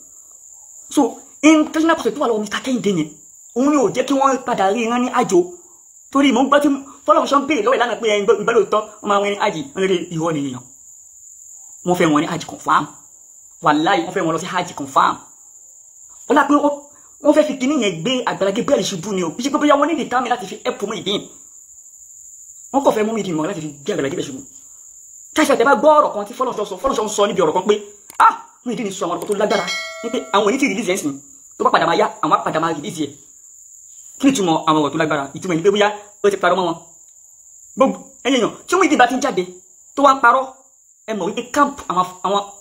so international passport tó wà lọ́wọ́ Mr. Kehinde yẹn òun ni ò jẹ́ kí wọ́n padà rí iran ní àjò torí mò ń gbọ́ tí fọlọ́run sọ ń béèrè lọ́wọ́ ìlànà pé ẹni ìbálòótọ́ ọmọ àwọn ẹni àjì wọn lè rí ìwọ nìyẹn wọ́n fẹ́ wọn ní àjì confam wàláì wọ́n fẹ́ wọn lọ sí hajj confam ó lápẹ́ wọ́n fẹ́ fi kíní yẹn gbé Agbala Gabriel ṣubú ni o bí ṣe pé bóyá wọ́n ní ìdí tàmí láti fi ẹ̀pù mú ìdí wọ́n kọ̀ fẹ́ mú ìdí mọ̀ láti fi gbé Agbala Gabriel ṣubú káṣí àtẹ̀bá gbọ́ ọ̀rọ̀ kan tí fọlọ́nṣọ́ sọ níbi ọ̀rọ̀ kan pé ah mú ìdí ni sọ àwọn ọ̀rọ̀ tó lágbára ní pé àwọn èyí ti rìlíìsì ẹ̀sìn tó bá padà máa yá àwọn apàdà máa rìlíìsì ẹ̀ kí ni ìtumọ̀ àwọn ọ̀rọ̀ tó lágbára ìtumọ̀ ẹni pé bóyá ó ti parọ́ mọ́ wọn gbogbo ẹ̀yẹ̀yàn tí wọ́n ìdí bá ti ń jáde tó wá ń parọ́ ẹ mọ̀ wípé camp àwọn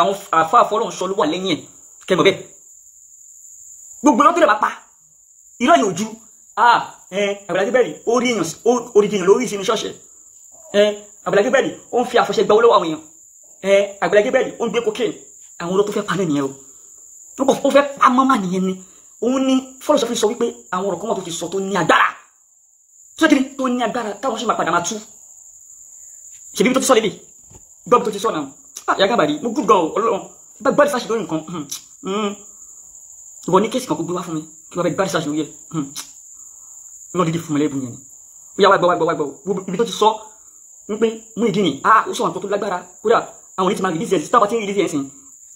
àwọn àfa àfọlọ́run sọ ló wà lẹ́yìn ẹ̀ kẹmọ bẹ́ẹ̀ gbogbo náà tó dẹ̀ bá pa irọ́ yìí ojú àbẹ̀lájẹ́ bẹ́ẹ̀ ni ó rí èèyàn orí jìyàn lórí ìsinmi ṣọ́ọ̀ṣẹ̀ àbẹ̀lájẹ́ bẹ́ẹ̀ ni ó ń fi àfọ̀ṣẹ gba olówó àwọn èèyàn àbẹ̀lájẹ́ bẹ́ẹ̀ ni ó ń gbé cocaine àwọn olóò tó fẹ́ pa náà nìyẹn o ó fẹ́ pa mọ́mà nìyẹn ni òun ni fọlọ́sọ́fin sọ wípé àwọn ọ̀rọ̀ kan wà tó ti sọ tó ní agbára tó ní agbára táwọn sì máa padà máa tú ṣèbí tó ti sọ lébi gbọ́ tó ti sọ̀nà ah, ìyá gábàdì mo gùn gan o ọlọ́run bá gbọ́dọ̀ sáṣì lórí nǹkan hmm, hmm. ìwọ ní kéèsì kan kó gbé wá fún mi kí wọ́n bẹ gbọ́dọ̀ sáṣì lórí ẹ̀ lọ́ọ́ hmm. dídì fún mi lẹ́bùn yẹn ó yá wá gbọ́ wá gbọ́ wá gbọ́ ibi tó ti sọ wípé mú ìdí ni ah ó sọ àwọn nǹkan tó lágbára kódà àwọn oníṣẹ́ máa rìlíìsì ẹ̀ sí táwọn ń rìlíìsì ẹ̀ sìn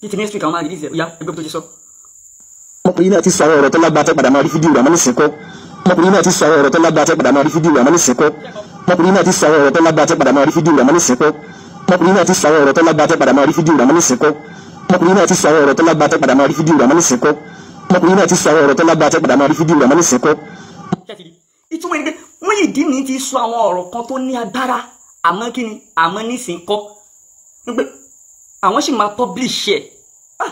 ní ti next week àwọn máa rìlíìsì ẹ̀ ó yá ẹgbẹ́ tó ti sọ. ọmọkùnrin náà ti sọ àwọn ọ̀rọ̀ tó lágbára tẹ́ padà máa rí fídíò rẹ̀ mọ́ nísìnkọ́ ọmọkùnrin náà ti sọ àwọn ọ̀rọ̀ tó lágbára tẹ́ padà máa rí fídíò rẹ̀ mọ́ tọkùnrin náà ti sọ àwọn ọ̀rọ̀ tó lágbàtẹ́ padà máa rí fídíò rà mọ́nìsìn kọ́ tọkùnrin náà ti sọ àwọn ọ̀rọ̀ tó lágbàtẹ́ padà máa rí fídíò rà mọ́nìsìn kọ́ tọkùnrin náà ti sọ àwọn ọ̀rọ̀ tó lágbàtẹ́ padà máa rí fídíò rà mọ́nìsìn kọ́. ìtumọ̀ ni pé wọ́n yìí dín ní ti sọ àwọn ọ̀rọ̀ kan tó ní agbára àmọ́ kí ni àmọ́ nísìn kọ́ pé àwọn sì máa publish ẹ̀ ah,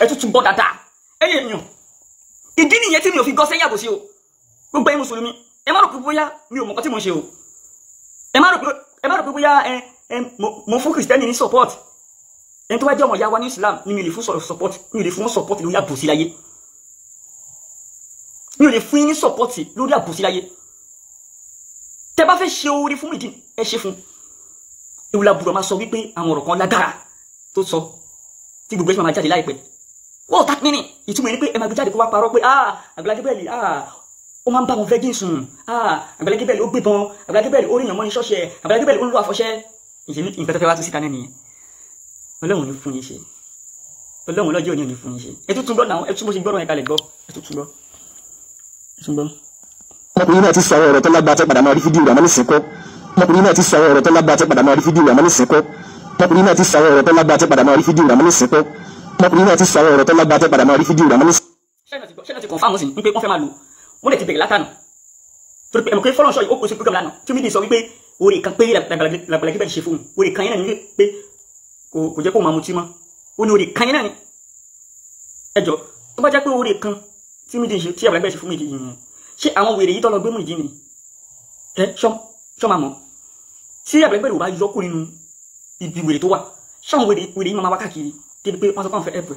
ẹ tún tún bọ́ dáadáa ẹ yẹ èèyàn ìdí nìyẹn tí mi ò fi gọ́ sẹ́yìn àbòsí o gbogbo ẹ̀yin mùsùlùmí ẹ má rò pé bóyá mi ò mọ̀ nǹkan tí mo ń ṣe o ẹ má rò pé bóyá ẹ mo fún kìrìsìtẹ́nì ní support ẹni tó bá jẹ́ ọmọ ìyá wa ní Islam ni mi ò lè fún support mi ò lè fún support lórí àbòsí láyé mi ò lè fún yín ní support lórí àbòsí láyé tẹ bá fẹ́ ṣe oore fún ìdí ẹ ṣe fún ìwúlà bùrọ̀ máa sọ wípé àwọn ọ̀rọ̀ kan lágbára tó sọ tí gbogbo ẹ̀ṣin máa jáde láìpẹ́ wọ́n tá nínú ìtumọ̀ ẹni pé ẹ máa gbé jáde kó wá parọ́ pé ah Agbala Gabriel ah ó máa ń bá wọn fẹ́ gínsùn ah Agbala Gabriel ó gbébọn Agbala Gabriel ó rí ìyàn mọ́ ní ṣọ́ọ̀ṣẹ́ Agbala Gabriel ó ń lo àfọ̀ṣẹ́ ìṣèlú nǹkan tó fẹ́ wá tún síta náà nìyẹn ọlọ́run ní fún yín ṣe ọlọ́run lọ́jọ́ òní òní fún yín ṣe ẹ tún tún gbọ́ náà ẹ tún bó ṣe gbọ́rọ̀ yẹn kalẹ̀ gbọ́ ẹ tún tún ọmọkùnrin náà ti sọ ọ̀rọ̀ tó lágbára tẹ́ padà máa rí fídíò rẹ̀ àmọ́ kọ́ ọmọkùnrin náà ti sọ ọ̀rọ̀ tó lágbára tẹ́ padà máa rí fídíò rẹ̀ àmọ́ kọ́ ọmọkùnrin náà ti sọ ọ̀rọ̀ tó lágbára tẹ́ padà máa rí fídíò rẹ̀ àmọ́ kọ́ ọmọkùnrin náà ti sọ ọ̀rọ̀ tó lágbára tẹ́ padà máa rí fídíò rẹ̀ àmọ́ nísìnyí. ṣé náà ti kọ̀ǹfàmù sí ni pé wọ́n fẹ́ máa lò wọ́n lè ti bẹ̀rẹ̀ látànà torí pé ẹ̀mọ̀kẹ́ fọ́lọ́nṣọ́ o de kan péré labalaki bɛ se fún un o de kan yẹn náà ni pé kò jẹ́ kó mamuti ma o ní o de kan yẹn náà ni ẹ jọ tó bá jẹ́ pé o de kan tí mi di ṣe tí labalaki bɛ se fún mi di yìnyín ṣé àwọn wèrè yìí tọ́ lọ gbé mú ìdí ni ẹ ṣọ́ máa mọ̀ tí labalaki bẹ̀rẹ̀ ò bá yọ kó nínú ibi wèrè tó wà ṣáwọn wèrè wèrè yìí máa wá káàkiri débi pé wọ́n sọ pé àwọn fẹ́ ẹ̀pẹ̀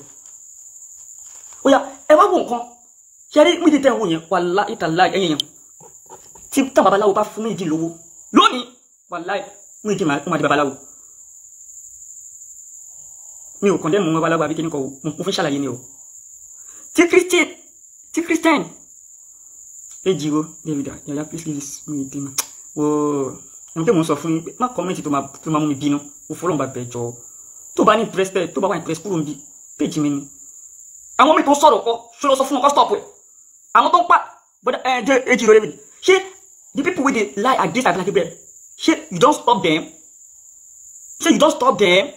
ó yá ẹ wá wò nǹkan ṣe rí mídìí tẹ̀ ń wò yẹn wà láìta láì ẹ̀yẹ̀yàn tí táwọn babaláwo bá fún méjì lówó lónìí wàláì wọn ti máa di babaláwo mi ò kọ̀ndẹ́mù wọn babaláwo àbí kíní kọ mo fẹ́ ṣàlàyé ni o tí christian tí christian èjì o david yaya, please leave this mi ìdí mi o ẹni pé mo ń sọ fún yín pé má kọ́mẹ́ntì tó máa mú mi bínú o fọlọ́n bá bẹ̀ jọ tó bá ní press tó bá wà ní press kúrò níbi péjì mi ni àwọn mi tó sọ̀rọ̀ kọ ṣó lọ sọ fún wọn kọ́ stop ẹ̀ àwọn tó ń pa ẹ̀ẹ́dẹ́ èjì rẹ̀ david ṣé the people wey dey lie against Agbala Gabriel Shit, you don't stop them. Shit, you don't stop them.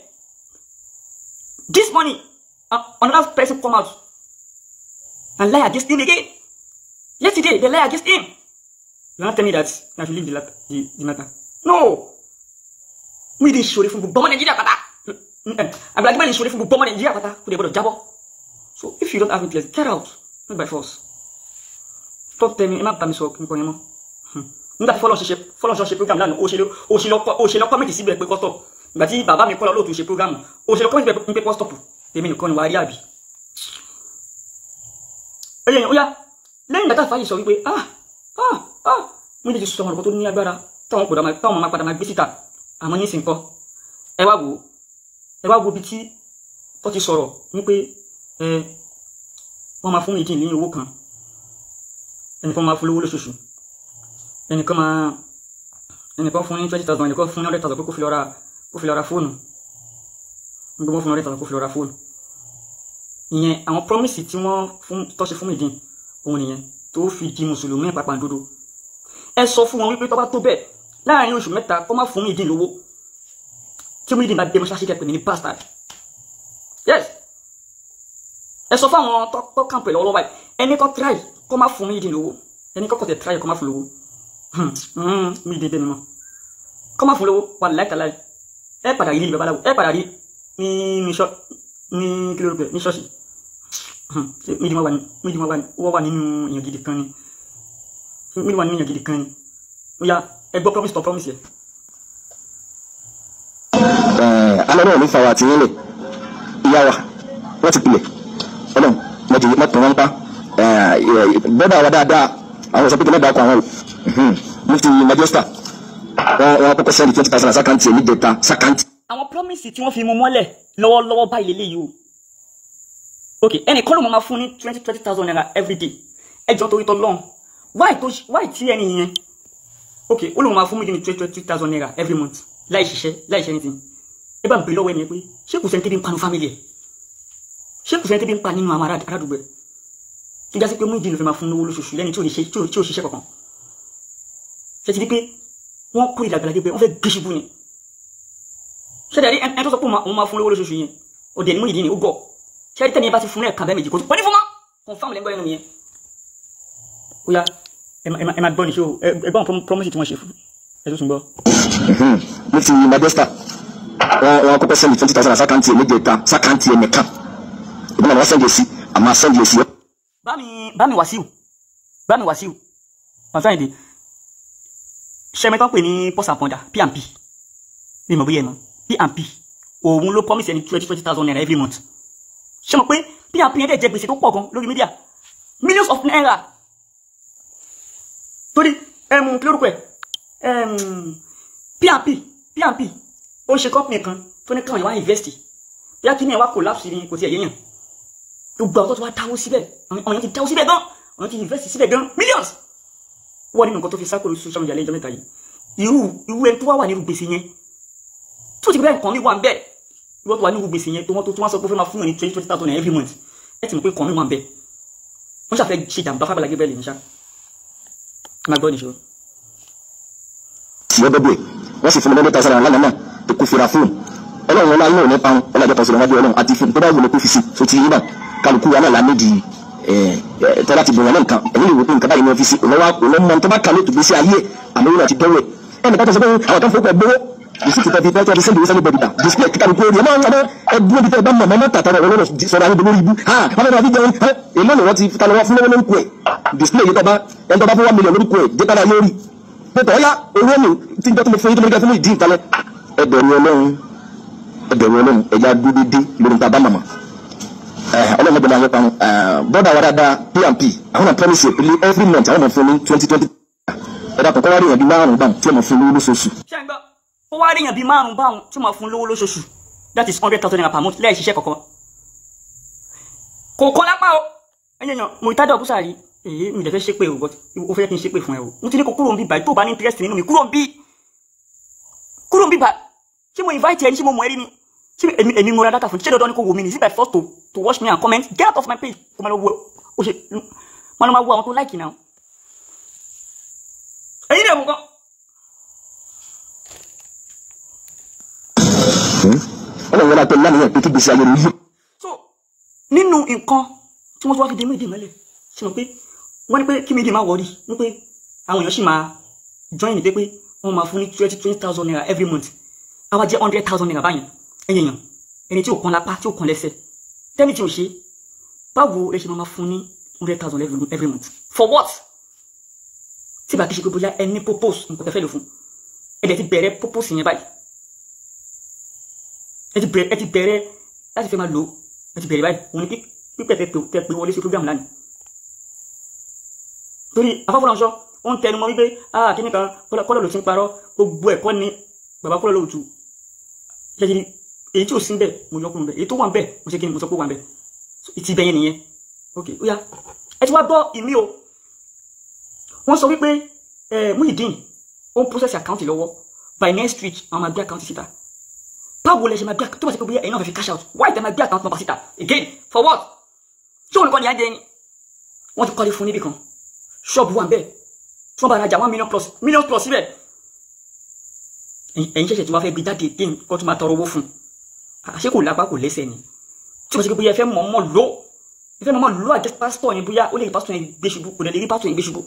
This morning, uh, another person come out and lie against him again. Yesterday, they lie against him. You want to tell me that I should leave the, the, the matter? No! We didn't show the food, but Nigeria, papa! I'm like, man, show the food, but Nigeria, papa! Put the bottle of jabber. So, if you don't have interest, get out. Not by force. Stop telling me, I'm not going to talk nígbà tí fọlọ́nṣọ́ ṣe program lánàá o ṣe lọ kọ́mẹ̀tì síbẹ̀ pé kọ́tọ̀ ìgbà tí bàbá mi kọ́lọ́ lóòtú ṣe program o ṣe lọ kọ́mẹ̀tì síbẹ̀ pé kọ́tọ̀ èmi nìkan ni wà á rí àbí. ẹyẹ ìyá lẹ́yìn ìgbà fàáyì sọ wípé ah ah ah mi lè ti sọ ọ̀rọ̀ tó ní agbára táwọn padà táwọn máa padà máa gbé síta àmọ́ ní sìnkọ́ ẹ wá wo ẹ wá wo bí tí wọ́n ti sọ̀rọ̀ wípé ẹ wọ́n máa fún ìdí ní owó kan ẹnìkan máa fún lówó lóṣooṣù ẹnìkan máa ẹnìkan fún ní twenty thousand ẹnìkan fún ní hundred thousand kó fi lọ ra kó fi lọ ra fóònù gbogbo fún hundred thousand kó fi lọ ra fóònù ìyẹn àwọn promise tí wọ́n fún tọ́sí fún ìdín òun nìyẹn tó fi di mùsùlùmí pàpàǹdodo ẹ sọ fún wọn wípé tó bá tó bẹ́ẹ̀ láàrin oṣù mẹ́ta kó má fún ìdín lówó tí mo ìdín bá dé mọ́ṣáṣí kẹ́pẹ́ mi ní bastard yes ẹ sọ fún àwọn tó kàn pẹ̀lú ọlọ́wà ẹni kọ́ try kó má fún ìdín lówó ẹni kọ́ kọ́ tẹ̀ try kó má fún lówó. Hmm, hmm, mi dèdè mi mọ kọ́ máa fún lówó wà láìka láì ẹ padà rí bàbá aláwo ẹ padà rí ní ní ṣọ́ ní kíló rẹ̀ ní ṣọ́ọ̀ṣì hmm, mi dì wọ́n wà nínú èèyàn gidi kan ni mi dì wọ́n nínú èèyàn gidi kan ni ó yá ẹ gbọ́ promise to promise yẹ. alọ́dọ̀ mi fa wa àti yín lè ìyá wa wọ́n ti pilẹ̀ ọlọ́run mo ti mọ̀ pé wọ́n ń pa bọ́dà wa dáadáa àwọn sọ pé kí n má dáa kọ àwọn mufti majesta wọn kọ́kọ́ sẹ́ni twenty thousand sakanti èmi dẹ̀ta sakanti. àwọn promise tí wọ́n fi mú mọ́lẹ̀ lọ́wọ́lọ́wọ́ báyìí lélẹ́yìí o ok ẹnì kọ́ ló máa fún ní twenty twenty thousand naira every day ẹjọ́ torí tọ́ lọ́n why tí ẹni yẹn ok ó ló máa fún mi ní twenty twenty thousand naira every month láì ṣiṣẹ́ láì ṣe anything ẹ bá ń bèrè lọ́wọ́ ẹni yẹn pé ṣé kò sẹ́ni tí bí ń panu family ẹ̀ ṣé kò sẹ́ni tí bí ń pa nínú àwọn arádùgbẹ́ ìjásí pé mú ìdí ló fẹ́ máa fún lówó lóṣooṣù lẹ́ni tí ò ṣiṣẹ́ kankan ṣe ti di pé wọ́n kó ìdàgbàlagbé pé wọ́n fẹ́ gbé ṣubú ni ṣẹ́dá rí ẹ tó sọ pé òun máa fún lówó lóṣooṣù yẹn òde ní múyìdí ni ó gọ̀ ṣẹ́dá tẹ̀mí bá ti fún lẹ́ẹ̀kan bẹ́ẹ̀ méjì kó pẹ́ ní fún mọ́ confam lẹ́gbẹ́ ẹnu yẹn ó yá ẹ máa gbọ́ ní ṣó ẹ gbọ́n promise tí wọ́n ṣe fún ẹ tó tún gbọ́. Hmm, mo ti yin madesta wọn kó pẹ́sẹ́ntì twenty thousand sákàǹtì ẹ̀ méje kan sákàǹtì ẹ̀ nìkan ìbọn àwọn sẹ́ndì èsì àmọ́ sẹ́ndì èsì. bá mi wàsíù bá mi wàsíù sẹ́mi tó ń pè ní pọ́sà pọ́ndà pmp mi mọ̀ bóyá ẹ mọ̀ pmp òun ló promise ẹni twenty twenty thousand naira every month ṣé mo pé pmp yẹn dẹ̀ jẹ gbèsè tó pọ̀ gan lórí mídíà millions of naira torí kí lórúkọ ẹ pmp pmp ó ń ṣe company kan tó ní káwọn yẹn wá invest bí akíní yẹn wá collapse ni kò tiẹ̀ yéèyàn gbogbo àwọn tó ti wá dáwó síbẹ̀ àwọn yẹn ti dáwó síbẹ̀ gan àwọn ti invest síbẹ̀ gan millions wọ́n nínú nǹkan tó fi sákòrò social media lẹ́yìn mẹ́ta yìí irú irú ẹni tó wá wà nínú gbèsè yẹn tó ti bẹ́ẹ̀ nǹkan ní wà ń bẹ̀ ìwọ tó wà nínú gbèsè yẹn tó wọ́n tó tó wọ́n sọ pé fẹ́ máa fún ẹ̀ ní twenty twenty thousand every month ẹ ti mọ̀ pé kàn mí wà ń bẹ̀ wọ́n ṣàfẹ́ ṣe jàǹbá fábàlà gẹ́gẹ́ bẹ́ẹ̀ lè ní ṣá máa gbọ́ nìṣó. ṣùgbọ́n bẹ́ẹ̀ wọ́n sì fún mi lọ́dọ̀ tàṣà lánàá náà tó kó fira fóònù ọlọ́run ọlá náà nípa ọlọ́jọ́ tàṣà lọ́wọ́ àti fóònù tó bá wù ló kó fi sí so ti yín náà kálukú wa náà lá nídìí Eh, eh, tọ́lá ti bọ̀wọ̀ náà nǹkan ẹ̀yìn ìwé pé nǹkan báyìí ní ọ́fíìsì ìlọ́wọ́ ìlọ́mọ tó bá kà ní ìtògbésí ayé àmì ìrìn àti dánwò ẹnì kan tó sọ pé àwọn kan fowópamọ́ gbowó bisi kita bi pẹtẹ bisẹ bisẹ bẹbi da bisi kita bi kori ẹmọ ọmọ ẹdúró bi tẹ ẹbá mọ mọ tata rẹ lọrọ sọ̀rọ̀ àwọn olórí ibu ha wọn bẹ fi jẹun ẹ èlò ni wọn ti ta lọ́wọ́ fún lọ́wọ́ ló ń kú ẹ display yìí tọba ẹni tọba fún one million lórí kú ẹ jẹ tara yóò rí pẹtọ ọyá owó mi ti jẹ tó mo fún yín tó mo jẹ fún mi ìdí ìtàlẹ ẹbẹrún Ọlọ́run ẹbẹrún Ọlọ́run ẹjá dúdú dé lórí ta bá màmá. Eh, ọlọ́run gbọ́dọ̀ àwọn kan eh, bọ́dà wa dáadáa pmp àwọn promise ìpele every month àwọn ọmọfin ní twenty twenty ẹ̀dá kọ̀ọ̀kan wá rí yàn bí márùn-ún báwọn tí ọmọ fún lówó lóṣooṣù. ṣé ń gbọ́ ó wá rí yàn bí márùn-ún báwọn tí ọmọ fún lówó lóṣooṣù that is hundred thousand naira per month lẹ́yìn ṣiṣẹ́ kọ̀ọ̀kan. kò kọ́ lápá o ẹ̀yẹ̀ yàn mo ìtajà òbúṣà yìí èyí mi ìdẹ́fẹ́ ṣépè o o fẹ́ kí n ṣépè fún ẹ o mo ti ní kó kúrò ń bí báyìí tó bá ní interest nínú mi kúrò ń bí kúrò ń bí báyìí ṣé mo invite ẹ ní ṣé mo mọ ẹ rí ni ṣé èmi èmi mo ra data fún ṣé dandan ni kò wò mí ni is it by force to to watch me and comment get out of my page Come on, lọ wo o ṣe máa lọ máa wo like you now. ni ẹ̀wọ̀n kan. Hmm? ọlọ́run wọn àtẹ lánàá pé kí gbèsè ayé mi. so nínú nǹkan tí wọ́n ti wá fi dé méjì mọ́lẹ̀ ṣe mọ̀ pé wọ́n ní pé kí méjì I wọ̀ọ́rì wípé àwọn èèyàn sì máa join the pé pé my phone, fún twenty thousand naira every month àwa jẹ́ hundred thousand naira báyìí ẹ̀yin èèyàn ẹni tí ò kan lápá tí ò kan lẹ́sẹ̀ tẹ́mi tí ò ṣe báwo ẹ ṣe máa fún ní hundred thousand every month for what tí bàkí ṣe pé bóyá ẹ ní purpose nǹkan tẹ́ fẹ́ lò fún ẹ dẹ̀ ti bẹ̀rẹ̀ purpose yẹn báyìí ẹ ti bẹ̀rẹ̀ ẹ ti bẹ̀rẹ̀ láti fẹ́ máa lò ẹ ti bẹ̀rẹ̀ báyìí òun ni pípẹ́ tẹ pé wọlé sí program lánàá torí afáfúnraṣọ ó ń tẹnumọ́ wípé ah kíníkan kọ́lọ̀ ló ti ń parọ́ gbogbo ẹ̀kọ́ ni bàbá kọ́lọ̀ ló tù ṣẹ́ṣẹ́ èyí tí ò sí bẹ́ẹ̀ mo yọ kúrò bẹ́ẹ̀ èyí tó wà bẹ́ẹ̀ mo ṣe kí ni mo sọ pé wà bẹ́ẹ̀ ìtì ibẹ̀ nìyẹn ok ó yá ẹ ti wá gbọ́ ìmí o wọ́n sọ wípé Muyideen ó ń process account lọ́wọ́ by next week àwọn máa gbé account síta báwo lẹ ṣe máa gbé tó bá ṣe pé bóyá ẹ̀yin náà fẹ́ fi cash out why tẹ máa gbé account number síta again for what ṣé òun nìkan ni á jẹ ni wọ́n ti kọ́lé fún níbì kan ṣọ́ọ̀bù wà bẹ́ẹ̀ tí wọ́n bá rajà one million plus million plus síbẹ̀ ẹ̀yin ṣẹ̀ṣẹ̀ tí wọ́n fẹ́ gbé jáde again kó tún máa tọrọ owó fún un àṣé kò lápá kò lẹ́sẹ̀ ni tí mo ṣe pé bóyá ẹ fẹ́ mọ̀ mọ̀ ló ẹ fẹ́ mọ̀ mọ̀ ló àjẹ́ pásítọ̀ yẹn bóyá ó lè pásítọ̀ yẹn gbé ṣubú kò lè rí pásítọ̀ yẹn gbé ṣubú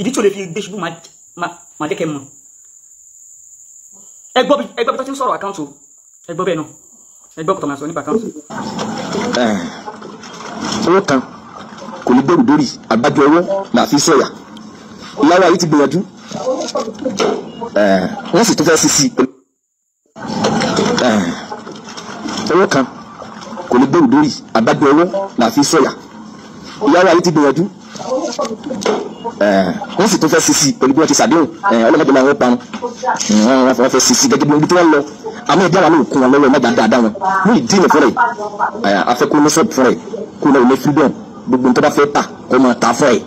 ìdí tí o lè fi gbé ṣubú máa jẹ́ kẹ́ mọ̀ ẹ gbọ́ bí ẹ gbọ́ bí tó ti ń sọ̀rọ̀ àkáǹtì o ẹ gbọ́ bẹ́ẹ̀ náà ẹ gbọ́ kọ̀tọ̀ máa sọ nípa àkáǹtì. owó kan kò ní gbèrú dórí àgbájọ owó là fi sọ̀yà ìyáwó ayé ti gbìyànjú wọ́n sì tún fẹ́ sisi ọwọ́ kan kò lè gbẹrù dórí àbábẹ ọwọ́ là fi sọyà ìyáwó ayé ti gbìyànjú wọ́n sì tún fẹ́ sisi pẹ̀lú bí wọ́n ti sàdéhùn ọlọ́mọdé máa ń parun wọ́n fẹ́ sisi gẹ́gẹ́ bí wọ́n tí wọ́n lọ àmọ́ ẹ̀dá wa ló kún wọn lọ́wọ́ ẹ̀mẹ́ta dáadáa wọn ní ìdí ìmọ̀ fúnra yìí afẹ́kún ní sọ́ọ̀bù fúnra yìí kó lọ́wọ́ ní freedom gbogbo nítorí fẹ́ tà kó máa tà fúnra yìí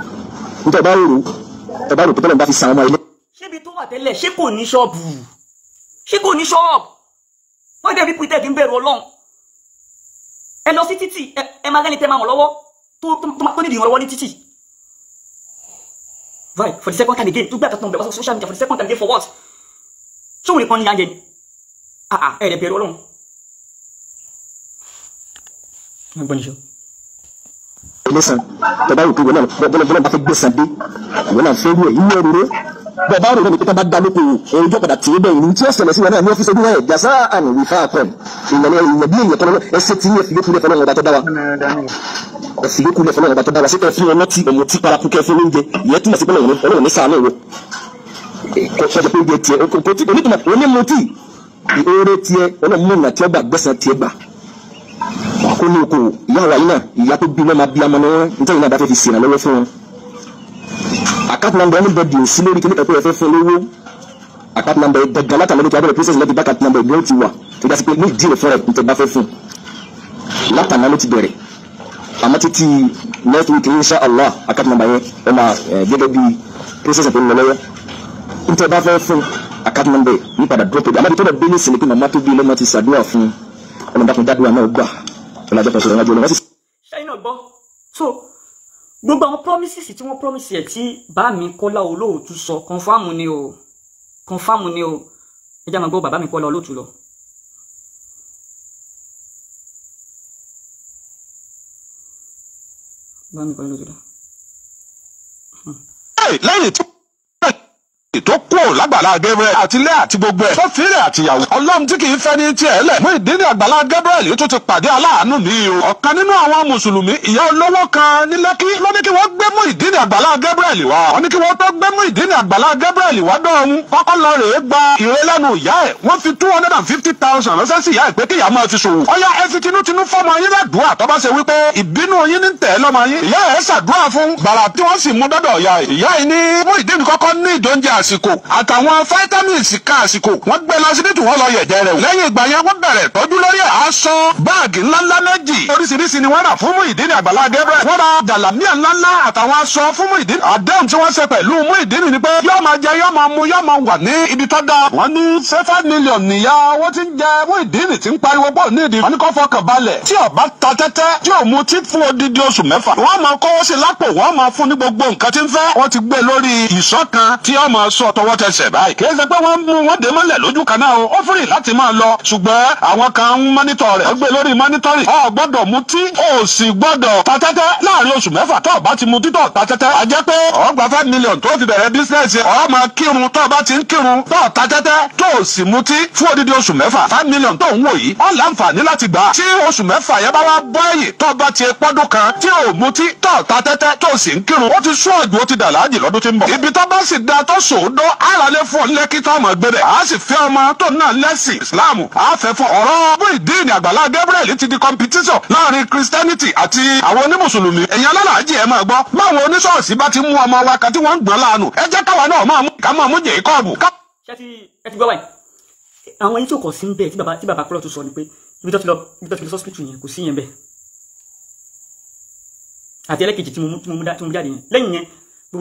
nítorí bá rò ó bá rò pé tọ́lọ́mọdé fi sàn ọmọ ilé. ṣébi tó wà tẹ́lẹ̀ ṣé kò ní ṣọ́ọ̀bù ṣé kò ní ṣọ́ọ̀bù why dey people dey bẹ̀rù Ọlọ́run ẹ lọ sí títì ẹ máa rẹ́ni tẹ́ máa ràn lọ́wọ́ tó tó nídìí ìrànlọ́wọ́ ní títì Vai, for the second time again tó gbé àtọ́tún bẹ̀rẹ̀ social media for the second time again for what ṣóun nìkan ní yànjẹ ni ah, ah, ẹ rẹ̀ bẹ̀rù Ọlọ́run. ẹ lẹ́sàn tọ́ba yòókù wọn náà bọ́lá bá fẹ́ gbẹ̀sán dé wọn náà fẹ́ wú ẹ̀ yíwọ́ rere bọ̀bá rò lónìí pé tán bá dá lóko èyí jọ padà tì í bẹ́ẹ̀ ní tí ó ṣẹlẹ̀ sí wọn náà ní ọ́fíìsì ojú wáyé jásá àmì wífà kọ́m ìyànlẹ́ ìyàn bí èèyàn tọ́lọ́wọ́ ẹsẹ̀ tí yẹ fìlé fúnlẹ̀ fọlọ́wọ́ ọba tó dá wa ẹsẹ̀ yókù lẹ̀ fọlọ́wọ́ ọba tó dá wa síta fún ọmọ tí ọmọ tí paraku kẹfẹ́ oúnjẹ ìyẹn túmọ̀ sí pé ọlọ́run ní sàánú rẹ kọjá pé oúnjẹ tiẹ̀ onítùmọ̀ onímọ̀tì ìhóore tiẹ̀ ọlọ́mọ̀nà tiẹ̀ gbà gbẹ̀sán tiẹ̀ gbà kó ní oko ìyá wa yìí náà ìyá tó bí wọn máa bí amọ̀ náà nítorí náà bá fẹ́ fi sèrànlọ́wọ́ fún wọn àkáǹtì nàmbà ẹni bẹ́ẹ̀ dì sí lórí kíní pẹ̀pẹ́ ẹ̀fẹ́ fún lówó àkáǹtì nàmbà ẹ̀ dẹ̀gà látàlẹ́ lókè abẹ́rẹ́ process láti bá àkáǹtì nàmbà ẹ̀gbẹ́ ti wà tó dásí pé ní ìdí rẹ̀ fún rẹ̀ nítorí bá fẹ́ fún látàná ló ti bẹ̀rẹ̀ àmọ́ títí next week insha Allah àkáǹtì nàmbà yẹn ẹ máa gẹ́gẹ́ bí process tó ń lọ lọ́wọ́ nítorí bá fẹ́ fún àkáǹtì nàmbà yìí padà dúró tó dé àmọ́ tó dẹ̀ dé ní sinmi pé màmá tó bí lọ́mọ ti ṣàdúrà fún ọmọdé àkùnjádùn àná ọgbà ọlọ́jọ́ kan sọ̀rọ̀ ọ̀nà jọ̀ọ́ so gbogbo àwọn promises tí wọ́n promise ẹ̀ tí bá mi kọ́lá olóòtú sọ kọ́nfàmù ni o kọ́nfàmù ni o ẹ jẹ́ àwọn gbọ́ bàbá mi kọ́lá olóòtú lọ. bá mi kọ́lá olóòtú lọ. Hmm. lẹ́yìn tó tó kúrò lágbàlá Gabriel àtilé àti gbogbo ẹ̀ tó fílẹ̀ àtìyàwó ọlọ́run tí kì í fẹ́ ní tiẹ̀ lẹ̀ mú ìdí ní àgbàlá Gabriel tó ti pàdé aláàánú ní irun ọ̀kan nínú àwọn mùsùlùmí ìyá olówó kan ní Lẹ́kí ló ní kí wọ́n gbé mú ìdí ní àgbàlá Gabriel wá wọ́n ní kí wọ́n tó gbé mú ìdí ní àgbàlá Gabriel wá dọ́hun kọ́kọ́ lọ rèé gba ìrẹ́ lẹ́nu ìyá ẹ̀ wọ́n fi two hundred and fifty thousand ránṣẹ́ sí ìyá ẹ̀ pé kí ìyá máa fi ṣòwò ọyá ẹ fi tinútinú fọmọ yín ládùúà tó bá ṣe wípé ìbínú yín ní tẹ̀ lọ́mọ yín ìyá ẹ̀ ṣàdúrà fún bàrà tí wọ́n sì mú dọ́dọ̀ ìyá ẹ̀ ìyá ẹ̀ ní mú ìdí nìkọ́kọ́ ní ìdóúnjẹ àsìkò àtàwọn vitamins ká àsìkò wọ́n gbé lásìkò wọ́n lọ yẹ̀jẹ̀ rẹ̀ lẹ́yìn ìgbà yẹn wọ́n bẹ̀rẹ̀ tọ́jú lórí aṣọ báàgì ńláńlá méjì oríṣiríṣi ni wọ́n rà fún Muyideen Àgbàlá Gabriel wọ́n ra dàlàmíà ńláńlá àtàwọn aṣọ fún Muyideen àdéhùn tí wọ́n ṣe pẹ̀lú Muyideen ni pé yóò máa jẹ yóò máa mu yóò máa wà ní ibi tó dáa wọ́n ní seven million nìyá owó tí ń jẹ Muyideen ti ń pariwo pọ̀ nídìí wọ́n ní kó fọkàn balẹ̀ tí ọba ta tẹ́tẹ́ tí ò mu tí fún odidi oṣù mẹ́fà wọ́n máa kọ́wọ́ sí lápò wọ́n máa fún ní gbogbo nǹkan tí ń fẹ́ wọ́n ti gbé lórí ìṣọ̀kan tí ọmọ máa sọ tọwọ́ tẹsẹ̀ báyìí. kì í ṣe pé wọ́n mú wọn dé mọ́lẹ̀ lójú kan náà o ó fìrì láti máa lọ ṣùgbọ́n àwọn kan ń mọ́nítọ̀ rẹ̀ ó gbé lórí mọ́nítọ̀rì ọ gbọ́dọ̀ mutí o sì gbọ́dọ̀ ta tẹ́tẹ́ láàrin oṣù mẹ́fà tó o bá ti mutí tó ta tẹ́tẹ́ a jẹ́ pé o gba five million tó o fi bẹ̀rẹ̀ bísíǹsì o máa kírun tó o bá ti ń kírun tó o ta tẹ́tẹ́ tó o sì mutí fún odidi oṣù mẹ́fà five million tó ń wò yìí ó láǹfààní láti gbà tí oṣù mẹ́fà yẹn bá wá bọ́ ẹ̀yìn tó o bá ti pọ́dún kan tí o mutí tó o ta tẹ́tẹ́ tó o sì ń kírun ó ti sún àjò ó ti dà láàjì lọ́dún tí ń bọ̀ ibi tó bá sì da tó sò sòódọ́ àlàlẹ́ fún ọ lẹ́kítọ́ ọmọ gbẹbẹ̀ a sì fẹ́ ọmọ tó náà lẹ́sìn Islam àfẹ́ fún ọ̀rọ̀ bó ìdí ìní àgbàlá Gabriel ti di competition láàrin Christianity àti àwọn onímùsùlùmí ẹ̀yin alálàájì ẹ̀ máa gbọ́ báwọn oníṣọ́ọ̀sì bá ti mú ọmọ wa wọ́n ń gbọ́n láàánú ẹ jẹ́ káwa náà máa mú ká máa mú jẹ́ ṣé ẹ ti gbọ́ wáyé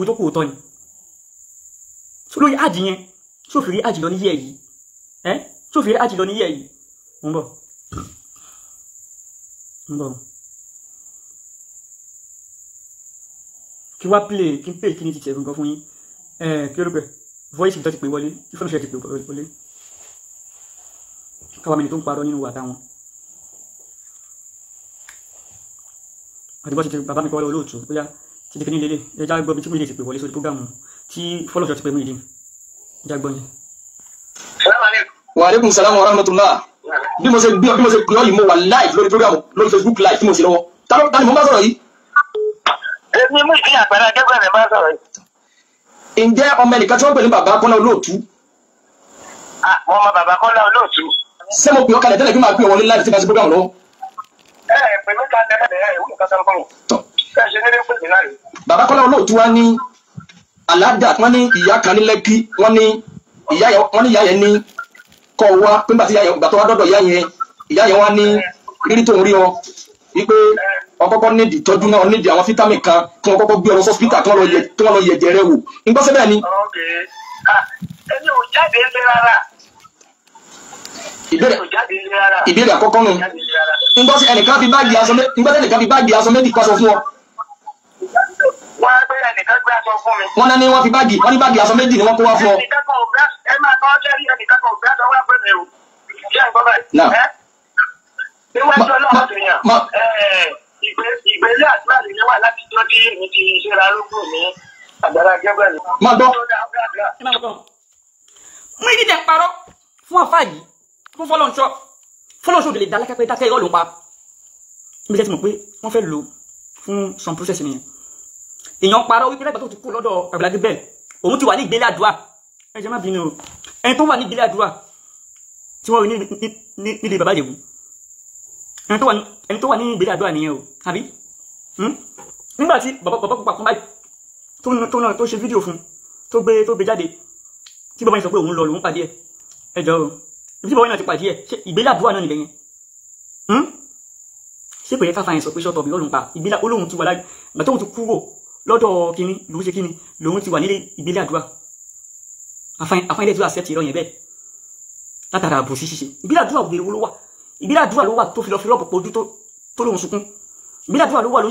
àwọn so lórí àjì yẹn so fìrí lọ ní yẹ yìí ẹ so fìrí lọ ní yẹ yìí ń bọ̀ ń bọ̀ kí wá play kí n play kí ni ti tẹ̀ fún yín ẹ kí ló voice tó ti pè wọlé kí fọ́nà ṣe ti pè wọlé káwọn ẹni tó ń parọ́ nínú wàtá wọn. àti ṣe ti bàbá mi kọ́ wọlé olóòtú bóyá ṣe ti kí ní lélẹ̀ ẹ já gbọ́ bí tí mo lè ti pè wọlé sórí program tí fọlọ́fẹ́ ti pẹ́ mú ìdí jágbọ́n yẹn. wàhálẹ́kùn salamu rahmatullah bí mo ṣe gbé bí mo ṣe gbé ọ yìí mo wà live lórí program lórí facebook live tí mo ṣe lọ́wọ́ tani mo bá sọ̀rọ̀ yìí. èmi mú ìdí àpẹẹrẹ akẹ́kọ̀ọ́ rẹ̀ bá sọ̀rọ̀ yìí. ǹjẹ́ ọmọ ẹnìkan tí wọ́n pè ní bàbá kọ́lá olóòtú. àwọn ọmọ bàbá kọ́lá olóòtú. ṣé mo pè ọ́ kalẹ̀ tẹ́lẹ̀ bí màá pè wọlé live tí mo ṣe program lọ́wọ́. ẹ ẹ pè mí kalẹ̀ ẹ ẹ wúlò kásán kọ́rọ̀. ẹ ṣe ní alájà wọ́n ní ìyá kan ní lẹ́kí wọ́n ní ìyá yẹn wọ́n ní ìyá yẹn ní kọ́ wa pé nígbà tí ìyá yẹn gbà tó wá dọ́dọ̀ ìyá yẹn ìyá yẹn wá ní rírí tó ń rí ọ wípé ọkọ́kọ́ nídìí tọ́jú náà nídìí àwọn fítámì kan kí wọ́n kọ́kọ́ gbé ọ lọ sọ́sìpítà kí wọ́n lọ yẹ̀jẹ̀ rẹ wò nígbà sẹ́bẹ̀ ni. ẹni ò jáde ń lé rárá ìbéèrè àkọ́kọ́ nù nígbà tí ẹnìkan fi báàgì aṣọ méjì kọ́ sọ fún ọ wọ́n á gbé ẹnìkan gbé aṣọ fún mi. wọ́n náà ní wọ́n fi báàgì wọ́n ní báàgì aṣọ méjì ni wọ́n kó wá fún ọ. ẹnìkan kan ò gbé ẹ máa tọ́ ọ́ jẹ́rìí ẹnìkan kan ò gbé aṣọ wá pé mi o ṣé ẹ̀ gbọ́ bẹ́ẹ̀. níwájú ọlọ́run ti yàn ìgbésẹ̀ àdúrà lè wà láti tọ́ tí èmi ti ṣera lógún ní àgbàrá gẹ́gbẹ́ mi. má gbọ́. mú ìdíje parọ́ fún àfáà yìí fún fọlọ́nṣọ́ fọlọ́nṣọ́ òdìlẹ̀ dálákẹ́ dákẹ́ irọ́ ló pa. ibi jẹ́ mọ̀ pé wọ́n fẹ́ lò fún some process nìyẹn èèyàn parọ́ wípé lẹ́gbàá tó ti kú lọ́dọ̀ àgbàlagbé bẹ́ẹ̀ òun ti wà ní ìgbélé àdúrà ẹ jẹ́ má bínú o ẹni tó wà ní ìgbélé àdúrà tí wọ́n rí nílé bàbá Ìjẹ̀bú ẹni tó wà ní ìgbélé àdúrà nìyẹn o àbí hmm? nígbà tí bàbá pupa kan báyìí tó náà tó ṣe fídíò fún tó gbé tó gbé jáde tí bàbá yẹn sọ pé òun lọ lòun pàdé ẹ ẹ jọ o ibi tí bàbá yẹn náà ti pàdé ẹ ṣe ìgbélé àdúrà náà nìyẹn hmm? ṣé kò káfà yẹn sọ pé ṣọ́tọ̀ bí ọlùpàá ìgbélé olóhùn ti wà láì gbà tóun ti kúrò lọ́dọ̀ kínní lòun ṣe kínní lòun ti wà nílé ìgbélé àdúrà àfáìndẹ̀ tó accept irọ́ yẹn bẹ́ẹ̀ látara àbòsí ṣíṣe ìgbélé àdúrà wèrè wo ló wà ìgbélé àdúrà ló wà tó fi lọ fi rọ́ọ̀bù pojú tó lòun sunkún ìgbélé àdúrà ló wà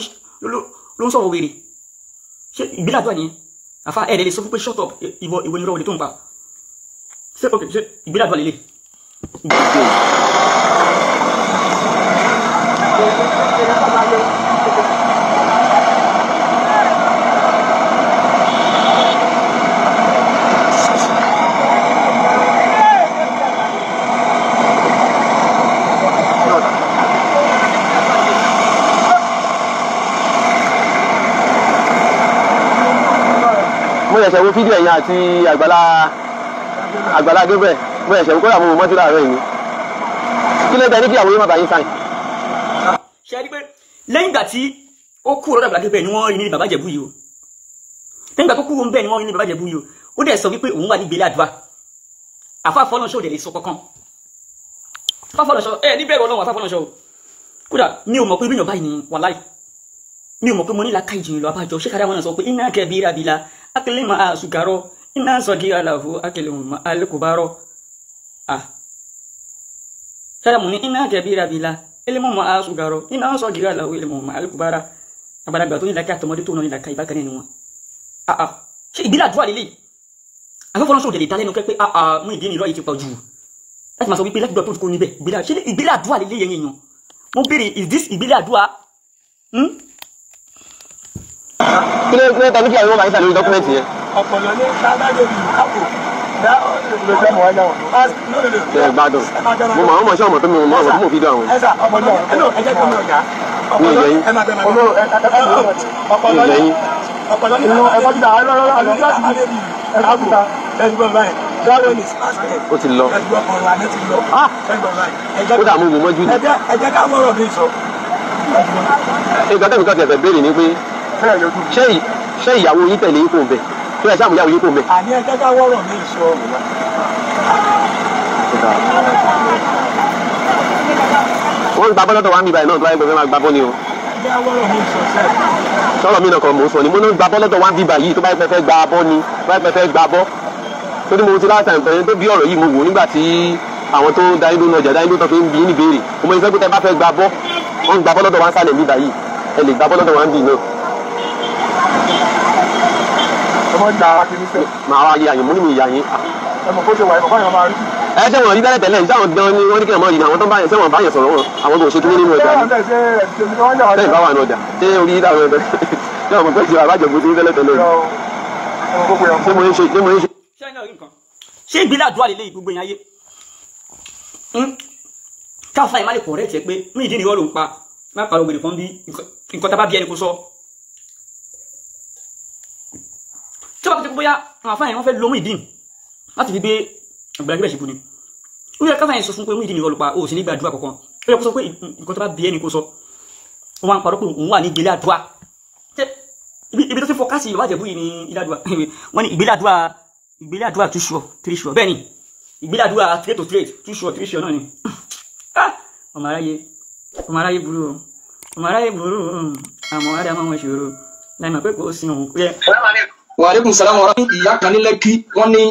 ló ń sọ̀rọ̀ wèrè ṣé ìgbélé àdúrà nìyẹn àfa ẹ̀ẹ́dẹ̀ lè sọ fún pé shut up ìwọ ìwọ nírọ̀ wèrè tó ń pa ṣé ok ṣé ìgbélé àdúrà lélẹ̀. ẹsẹ̀ wo fídíò ẹ̀yìn àti àgbàlá àgbàlá gébẹ̀ mo ẹsẹ̀ wo kódà mo mọ̀ mọ́tò láàárọ̀ yìí kí ló dé ní kí àwọn yóò má bàa yín sáyìn. ṣe rí pé lẹ́yìn ìgbà tí ó kú lọ́dọ̀ àgbàlá gébẹ̀ ni wọ́n rí ní bàbá Ìjẹ̀bú yìí o lẹ́yìn ìgbà tó kú ń bẹ̀ ni wọ́n rí ní bàbá Ìjẹ̀bú yìí o ó dẹ̀ sọ wípé òun wà ní ìgbélé àdúrà àfáàfọ́ mi ò ni wàláì mi ò mọ̀ pé mo ní làákàyè jìnnà akele ma a sukarɔ ina sɔgira la fo akele ma ale kubarɔ a ah. fɛrɛmu ni ina kɛbira bi la elema ma a sukarɔ ina sɔgira la fo elema ma ale kubara abalagba tó ní lakẹ́ àtọmọdé tó nọ́ni lakẹ́ ìbákan ẹni wọn a a ah, ah. ṣe ìdílé àdúrà lélẹ̀ afẹ́fọ́ lọ́sọ̀ òdèlè dálẹ́nu kẹ́kẹ́ a a mú ìdí ni ìrọ̀ yìí ti pọ̀ jù láti máa sọ wípé lẹ́kìdọ̀ tó ti kó níbẹ̀ ìgbélé àdúrà lélẹ̀ yẹn yẹn mo béèrè is this ìgbélé àdúrà kílẹ̀ kílẹ̀ tẹ̀lé kílẹ̀ ìwọ́n máa ń sàlẹ̀ lórí dọ́kúmẹ̀ntì yẹn. ọ̀pọ̀lọ́ ní sáájú ìlú ẹ gbádùn mo máa ń mọ ṣọ́ọ̀mọ̀ tó mi mọ ọ̀rọ̀ tó mò fi dùn àwọn. mi ìlẹ̀ yín mi ìlẹ̀ yín. ó ti lọ ó dààmú mi mọ́jú ni. ìgbà tẹ̀mí kan ti ẹ̀fẹ̀ béèrè ni pé bẹ́ẹ̀ ṣé ṣé ìyàwó yín tẹ̀lé yín kò ṣé ẹ sáà yín kò ń àní ẹ jẹ́ ká mi sọ òwúwa. wọ́n ń gba bọ́lọ́dọ̀ wá mi báyìí náà tó wáyé gbọ́dọ̀ máa gba bọ́ ni o. sọ̀rọ̀ mi nàkàn mò ń sọ ni mo náà ń gba bọ́lọ́dọ̀ wá mi báyìí tó báyìí pẹ́fẹ́ gba bọ́ ni tó báyìí pẹ́fẹ́ gba bọ́ torí mo ti láta ìpẹ̀rẹ̀ tó bí ọ̀rọ̀ yìí mo wò nígbà tí àwọn tó ń darí lónà ọjà darí lónà fi ń bí ní béèrè mo mọ ìfẹ́ pé tẹ bá fẹ́ gba bọ́ wọ́n ń gba bọ́lọ́dọ̀ wá ń sálẹ̀ mi báyìí ẹ lè gba bọ́lọ́dọ̀ wá ń bì náà ọmọ ìgbà wa ti ní sẹ. màá wá yé àyìnbó ní mi ìyá ẹ mọ̀ kó ṣe wà ẹ̀ bàbá yẹn máa rí. ẹ ṣé wọn rí bẹ́rẹ̀ gan ni wọ́n ní ṣé orí àdúrà lélẹ́yìí gbogbo yẹn ayé hmm? káfíńsì kọ̀ọ̀rẹ́ tiẹ̀ pé mí ìdí nìyọ́ ń pa má pariwo gbèrè fún bí nǹkan tá bí ẹni kó sọ bá ti bóyá àwọn afáyà wọn fẹ́ lo Muyideen láti fi gbé ìgbàlá gbẹ̀ṣẹ̀ bu ni ó yẹ káfáyà sọ fún pé Muyideen ọlọ́pàá o sì ní gbàdúrà kankan ó yẹ kó sọ pé nǹkan tó bá bí ẹni kó sọ wọn máa ń parọ́ pé òun wà ní ìgbélé àdúrà ibi tó ti fọkásì ìwádìí ẹ̀bùyìí ní ilé àdúrà wọn ní ìgbélé àdúrà ìgbélé àdúrà too sure three sure bẹ́ẹ̀ ni ìgbélé àdúrà straight to straight too sure three náà ni ah! ọmọ aráyé ọmọ aráyé burú ọmọ aráyé burú wàlẹ́kùn sàlámù ọ̀rá ìyá kan ní lẹ́kí wọ́n ní.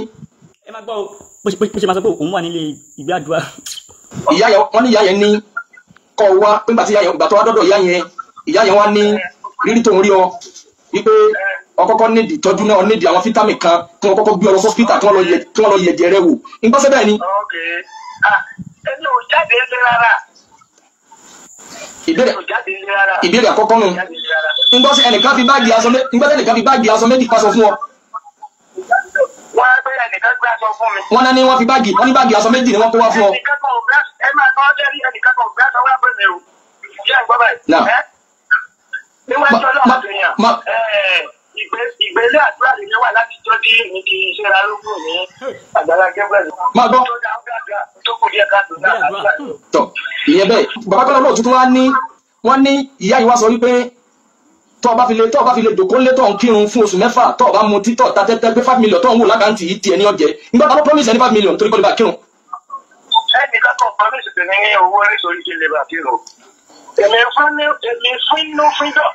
ẹ má gbọ́ o bó ṣe máa sọ pé òun wà nílé ìgbé àdúrà. ìyá yẹn wọ́n ní ìyá yẹn ní kọ́ wá nígbà tí ìyá yẹn gbà tó wá dọ́dọ̀ ìyá yẹn ìyá yẹn wá ní rírí tó ń rí ọ wípé ọkọ́kọ́ nídìí tọ́jú náà nídìí àwọn fítàmì kan tí wọ́n kọ́kọ́ gbé ọlọ́sọ́ pítà tí wọ́n lọ yẹ̀jẹ̀ rẹ wò nígbà sẹ́bẹ̀ ni. ìbéèrè àkọ́kọ́ nù ngbọ́sẹ̀ ẹnìkan fi báàgì aṣọ méjì ngbọ́sẹ̀ ẹnìkan fi báàgì aṣọ méjì kọ́ fún ọ. wọ́n náà ní wọ́n fi báàgì wọ́n ní báàgì aṣọ méjì ni wọ́n kó wá fún ọ. ìgbélé àdúrà lè wà láti jọ́ dé ní kí iṣẹ́ ní àgbàlá gẹ́gbẹ̀rẹ̀. máa gbọ́ tó kù díẹ̀ káàtó náà àdúrà. tọ ìyẹn bẹ́ẹ̀ bàbá kọlọ náà tuntun wá ní wọn ní ìyá yìí wá sọ wípé tọ́ ọba fi lè tọ́ ọba fi lè dòkó lé tọ́ ń kírun fún oṣù mẹ́fà tọ́ ọba mu títọ́ ta tẹ́tẹ́ gbé five million tọ́ ń wò lákàntì yìí tiẹ̀ ní ọ̀jẹ̀ nígbà tó promise ẹni five million torí kó lè bá kírun. ẹnì kankan promise ti ní owó nítorí kí lè bá kírun èmi fún èmi fún inú fídọ̀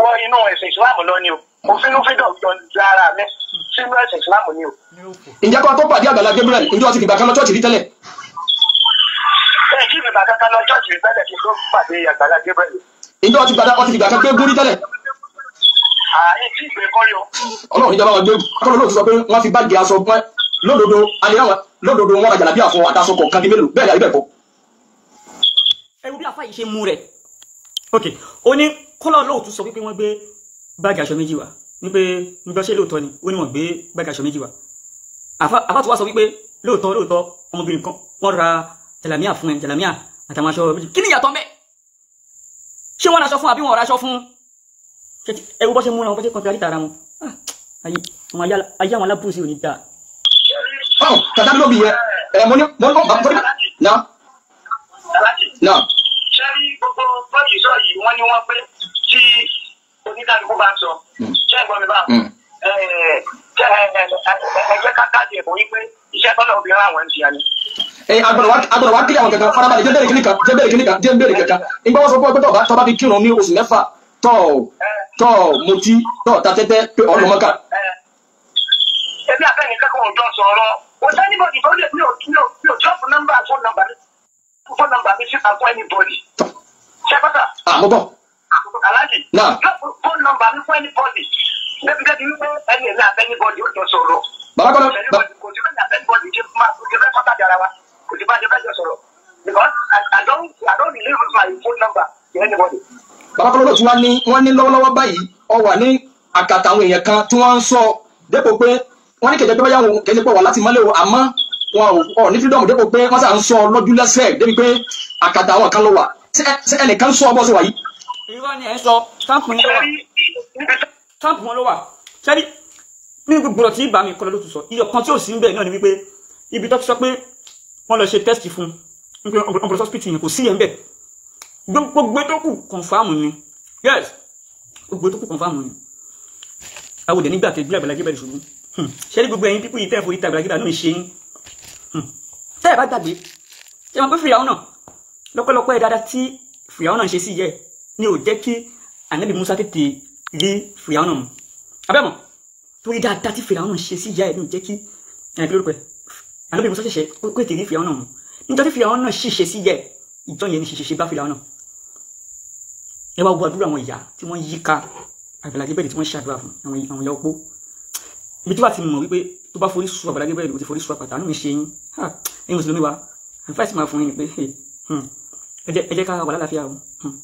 wọ inú ẹ̀sìn ìsìlámù lọ ni o mo fún inú fídọ̀ jọ dára mi sínú ẹ̀sìn ìsìlámù ni o. ǹjẹ́ kó tó pàdé àgbàlá Gabriel ǹjẹ́ o ti kan lọ ìjọ ti gbàdá ọtí ìgbà kan pé gúrí tẹ́lẹ̀. ọlọ́run ìjọba wọn gbé akọ́lọ́ lóòótọ́ sọ pé wọ́n fi báàgì aṣọ pọ́n lódodo aliyawa lódodo wọn rajà lábí àfọ àtàṣọ kọ̀ọ̀kan ní mélòó bẹ́ẹ̀ ni àbíbẹ̀ bọ́. ẹrú bí àfa yìí ṣe mú rẹ ok ó ní kọ́lọ́ lóòótọ́ sọ pé wọ́n gbé báàgì aṣọ méjì wá wípé nígbà ṣe lóòótọ́ ni ó ní wọ́n gbé báàgì aṣọ méjì wá àfa tó wá sọ wípé lóòótọ́ lóòótọ́ ọmọbìnrin kan wọ́n ra jàlámíà fún ẹ jàlámíà àtàwọn aṣọ méjì kí ni ìyàtọ̀ mẹ́ẹ̀ ṣé wọ́n raṣọ fún àbí wọ́n raṣọ fún ẹwú bọ́ ṣe múra wọn bọ́ ṣe kọ̀ǹpì àríta ara wọn ayé àwọn alábùsí ò ní dáa. báwo tàdá ló bì yẹ ẹ mo ní mo ní bá torí na ṣé ní gbogbo bọ́ọ̀lù sọ yìí wọ́n ní wọ́n pé tí oníkàlùkù bá sọ ṣé ìgbọ́n mi bá ẹ̀ẹ́dẹ́gbẹ́ kákáàdì ẹ̀kọ́ yìí pé iṣẹ́ tọ́lọ̀ obìnrin àwọn ẹ̀ Eh, agbọ̀dọ̀ wá kílẹ̀ àwọn kankan farabalẹ̀ jẹ́ bẹ̀rẹ̀ kìnìkan jẹ́ bẹ̀rẹ̀ kìnìkan jẹ́ bẹ̀rẹ̀ kankan ìgbà wọn sọ fún ọgbẹ́tọ̀ tọba fi kírun ní oṣù mẹ́fà tọ̀ tọ̀ mutí tọ̀ tatẹ́tẹ́ pé ọ̀rọ̀ lọ́mọ́kà. ẹbí àbẹ́ni kẹ́kọ̀ọ́ ọjọ́ sọ̀rọ̀ kò sẹ́ni bọ́dì tó lè mi ò mi ò jọ́ fún nọ́mbà fún nọ́mbà fún nọ́mbà mi sí àgọ́ ẹni bọ́dì. ṣẹ́pẹ́tà. àmúbọ̀. aláàjì. náà fún nọ́mbà mi fún ẹni bọ́dì. bẹ́ẹ̀ bẹ́ẹ̀ ni wípé ẹni ẹ̀mí àbẹ́ni bọ́dì ó jọ sọ̀rọ̀. bàbá kọ́lá. kò sí bẹ́ẹ̀ ni àbẹ́ni bọ́dì kò bá a ṣe bá because I don't I don't leave my phone number to anybody. bàbá tí wọ́n ní wọ́n ní lọ́wọ́lọ́wọ́ báyìí ọ wà ní àkàtà àwọn èèyàn kan tí wọ́n ń sọ dépò pé wọ́n ní kẹ̀jẹ̀ pé báyà wọn kẹ̀jẹ̀ pé wà láti mọ́lẹ̀ o àmọ́ wọn ò ní freedom dépò pé wọ́n sà ń sọ lọ́jú débi pé àkàtà àwọn kan ló wà ṣé ẹnìkan sọ ọbọ̀ sí wàyí. irọ́ ni ẹ̀ sọ táǹpù ni ó wà táǹpù wọn ló wà ṣẹ́rí nínú gbogbo ọ̀rọ̀ ìbámi kọ́lọ́dọ̀ tó sọ iyọ̀ kan tí ò sí ń bẹ̀ náà ni wípé ibi tó ti sọ pé wọ́n lọ ṣe test fún ọ̀pọ̀lọpọ̀ hospital yẹn kò sí yẹn bẹ́ẹ̀ gbogbo tó kù confam ni yes gbogbo tó kù confam ni àwọn òde nígbà kẹgbẹ́ àgbàlagé bẹ̀rẹ̀ ṣubú hmm. ṣe ní gbogbo ẹ̀yin pípú yìí tẹ́ forí ta àgbàlagé náà ṣe yín hmm. tẹ́ ẹ̀ bá gbàgbé ṣe máa pé fìyàwó náà lọ́pọ̀lọpọ̀ ẹ̀ dáadáa tí fìyàwó náà ṣe sí yẹ ni ò jẹ́ kí ànábì Musa tètè rí fìyàwó náà mu abẹ́mọ̀ torí dáadáa tí fìyàwó náà ṣe sí yẹ ni ò jẹ́ kí ẹ̀ ànábì musa ṣẹ̀ṣẹ̀ kó ètè ní fìyàwó náà mu nítorí fìyàwó náà ṣìṣe sí yẹ ìjọ yẹn ní ṣìṣe ṣe bá fìyàwó náà ẹ wá wo àdúrà àwọn ìyá tí wọ́n yí ká àgbàlagbé bẹ́ẹ̀ tí wọ́n ṣàdúrà fún àwọn ìyá opó ibi tó bá ti mọ̀ wípé tó bá forí sùn àgbàlagbé bẹ́ẹ̀ ló ti forí sùn àpàtà àánú mi ṣe yín ẹ̀yin mùsùlùmí wa àǹfààní máa fún yín pé hmm, ẹ jẹ́ ká wà lálàáfíà o hmm,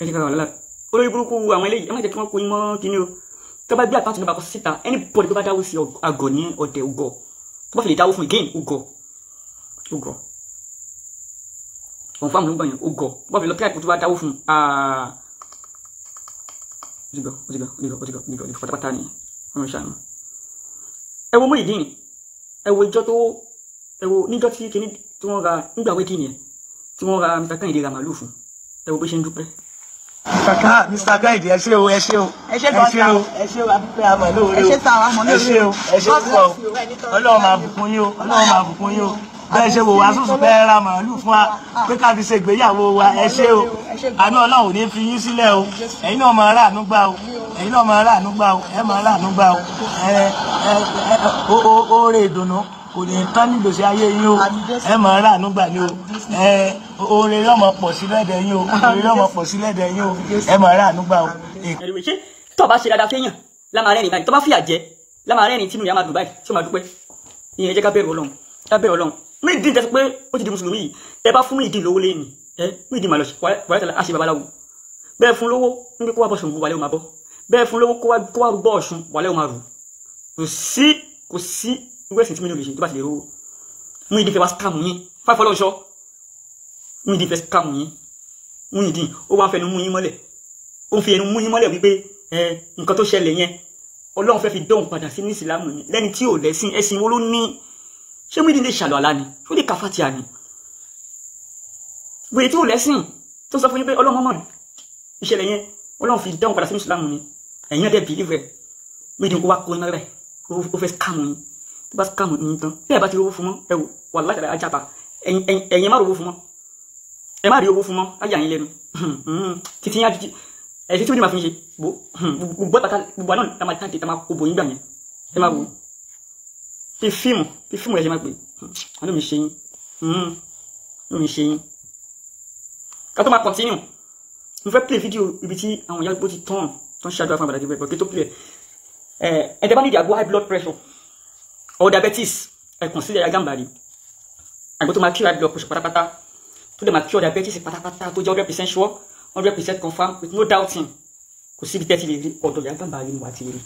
ẹ jẹ́ ká wà lálàáfíà olórí burúkú àwọn eléyìí ẹ má jẹ́ kí wọ́n kó yín mọ́ kíní o tó bá gbé àpáàtì náà bá kọ síta anybody tó bá dáwọ́ sí àgọ̀ ní ọ̀dẹ̀ ògọ̀ tó bá fi lè dáwó fún again ó gọ ó gọ òun fáwọn olùgbọ̀nyàn ó gọ tó bá fi lọ pé àìpọ̀ tó bá dáwó fún ọdígbọ ọdígbọ ọdígbọ ọdígbọ ọdígbọ ọdígbọ pátápátá ni ọmọ ìṣàánú ẹ wo Muyideen ẹ wo ìjọ tó ẹ wo níjọ tí kìíní tí wọ́n ra nígbà wẹ́kì nìyẹn tí wọ́n ra Mr. Kẹ́hìndé ra màlúù fún ẹ wo bó ṣe ń dúpẹ́ Mr. Guide ẹ ṣé o ẹ ṣé o ẹ ṣé o ẹ ṣé o abúlé amọ̀ lóore o ẹ ṣé o ẹ ṣé púpọ̀ o Ọlọ́run máa bùkún yín o Ọlọ́run máa bùkún yín o bẹ́ẹ̀ ṣe wò wá sùsù bẹ́ẹ̀ ra màálù fún wa pé ká fi ṣe ìgbéyàwó wa ẹ ṣé o àánú Ọlọ́run ò ní fi yín sílẹ̀ o ẹ̀yin náà máa ráàánú gbà o ẹ̀yin náà máa ráàánú gbà o ẹ máa ráàánú gbà o ẹ ẹ oore ìdùnnú kò ní tán ní gbèsè ayé yín o ẹ máa rà nígbà ni o oore lọ́mọ pọ̀ sí lẹ́dẹ̀ yín o oore lọ́mọ pọ̀ sí lẹ́dẹ̀ yín o ẹ máa rà nígbà o. ẹ̀rù ṣé tó bá ṣe dáadáa fẹ́yàn lámàárẹ̀ ní báyìí tó bá fìyà jẹ lámàárẹ̀ ní tínú yà máa dùn báyìí tí ó máa dúpẹ́ ìyẹn ẹ jẹ́ ká bẹ̀rù Ọlọ́run ká bẹ̀rù Ọlọ́run Muyideen tẹ́sí pé ó ti di mùsùlùmí yìí ẹ bá fún Muyideen lówó lẹ́yìn ẹ Muyideen màlọ́ bẹ́ẹ̀ fún lówó níbi kó wá bọ́sùn gbogbo wàlẹ́ máa bọ́ bẹ́ẹ̀ fún lówó kó wá rúbọ́ ọ̀sùn wàlẹ́ máa rù kò sí kò sí irú ẹ̀sìn tí mi ní olè ṣe tó bá ti lè rówó mú ìdí fẹ́ wá scam yín five follow ṣọ́ mú ìdí fẹ́ scam yín mú ìdí ó wá ń fẹnu mú yín mọ́lẹ̀ ó ń fi ẹnu mú yín mọ́lẹ̀ wípé nǹkan tó ṣẹlẹ̀ yẹn ọlọ́run fẹ́ fi dọ́hùn padà sí ní ìsìlámù ni lẹ́ni tí ò lẹ́sìn ẹ̀sìn wo ló ní ṣé mú ìdí lè ṣàlọ́ àlá ni ó lè kàfà tí a ní wèrè tí ò lẹ́sìn tó sọ fún yín pé ọlọ́run mọ̀ ìṣẹ̀lẹ̀ yẹn ọlọ́run fi dọ́hùn padà sí ní ìsìlámù ni ẹ̀yin náà dẹ̀ bìlífẹ̀ẹ́ mú ìdí kó wá kó náírà ó fẹ́ kàmù yín tó bá kàmù ní tán tẹ́ ẹ bá ti rówó fún mọ́ ẹ wò wà látara ajápa ẹ̀yin má rówó fún mọ́ ẹ má rí owó fún mọ́ ayé àyín lẹ́nu títí yá jíjí ẹ̀sìn tí ó ní ma fi ń ṣe bó gbogbo ẹ̀ta gbogbo àná ta máa tàǹtì ta máa kó bòyìn gbà mí ẹ má wò fi fíìmù fi fíìmù ẹ̀ ṣe má pè àná mi ṣe yín àná hmm, mi ṣe yín ká tó máa kọ̀ntínú mo fẹ́ play fídíò ibi tí àwọn ìyá gbogbo ti tán tó ń ṣáájú àfọ̀nàbàdà ti bẹ̀rẹ̀ kí tó play ẹ̀ ẹ̀ tẹ́ bá nídìí àgbo high blood pressure or diabetes ẹ consider Ajambare àgbo tó máa cure high blood pressure pátápátá tó dẹ̀ máa diabetes pátápátá tó jẹ́ hundred sure hundred percent with no doubting kò síbi tẹ́tí lè rí ọ̀dọ̀ ìyá Ajambare ni wà á ti rí.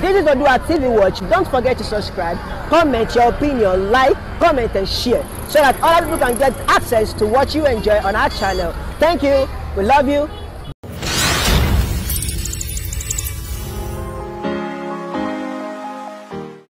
This is Odua TV Watch. Don't forget to subscribe, comment your opinion, like, comment and share so that other people can get access to what you enjoy on our channel. Thank you. We love you.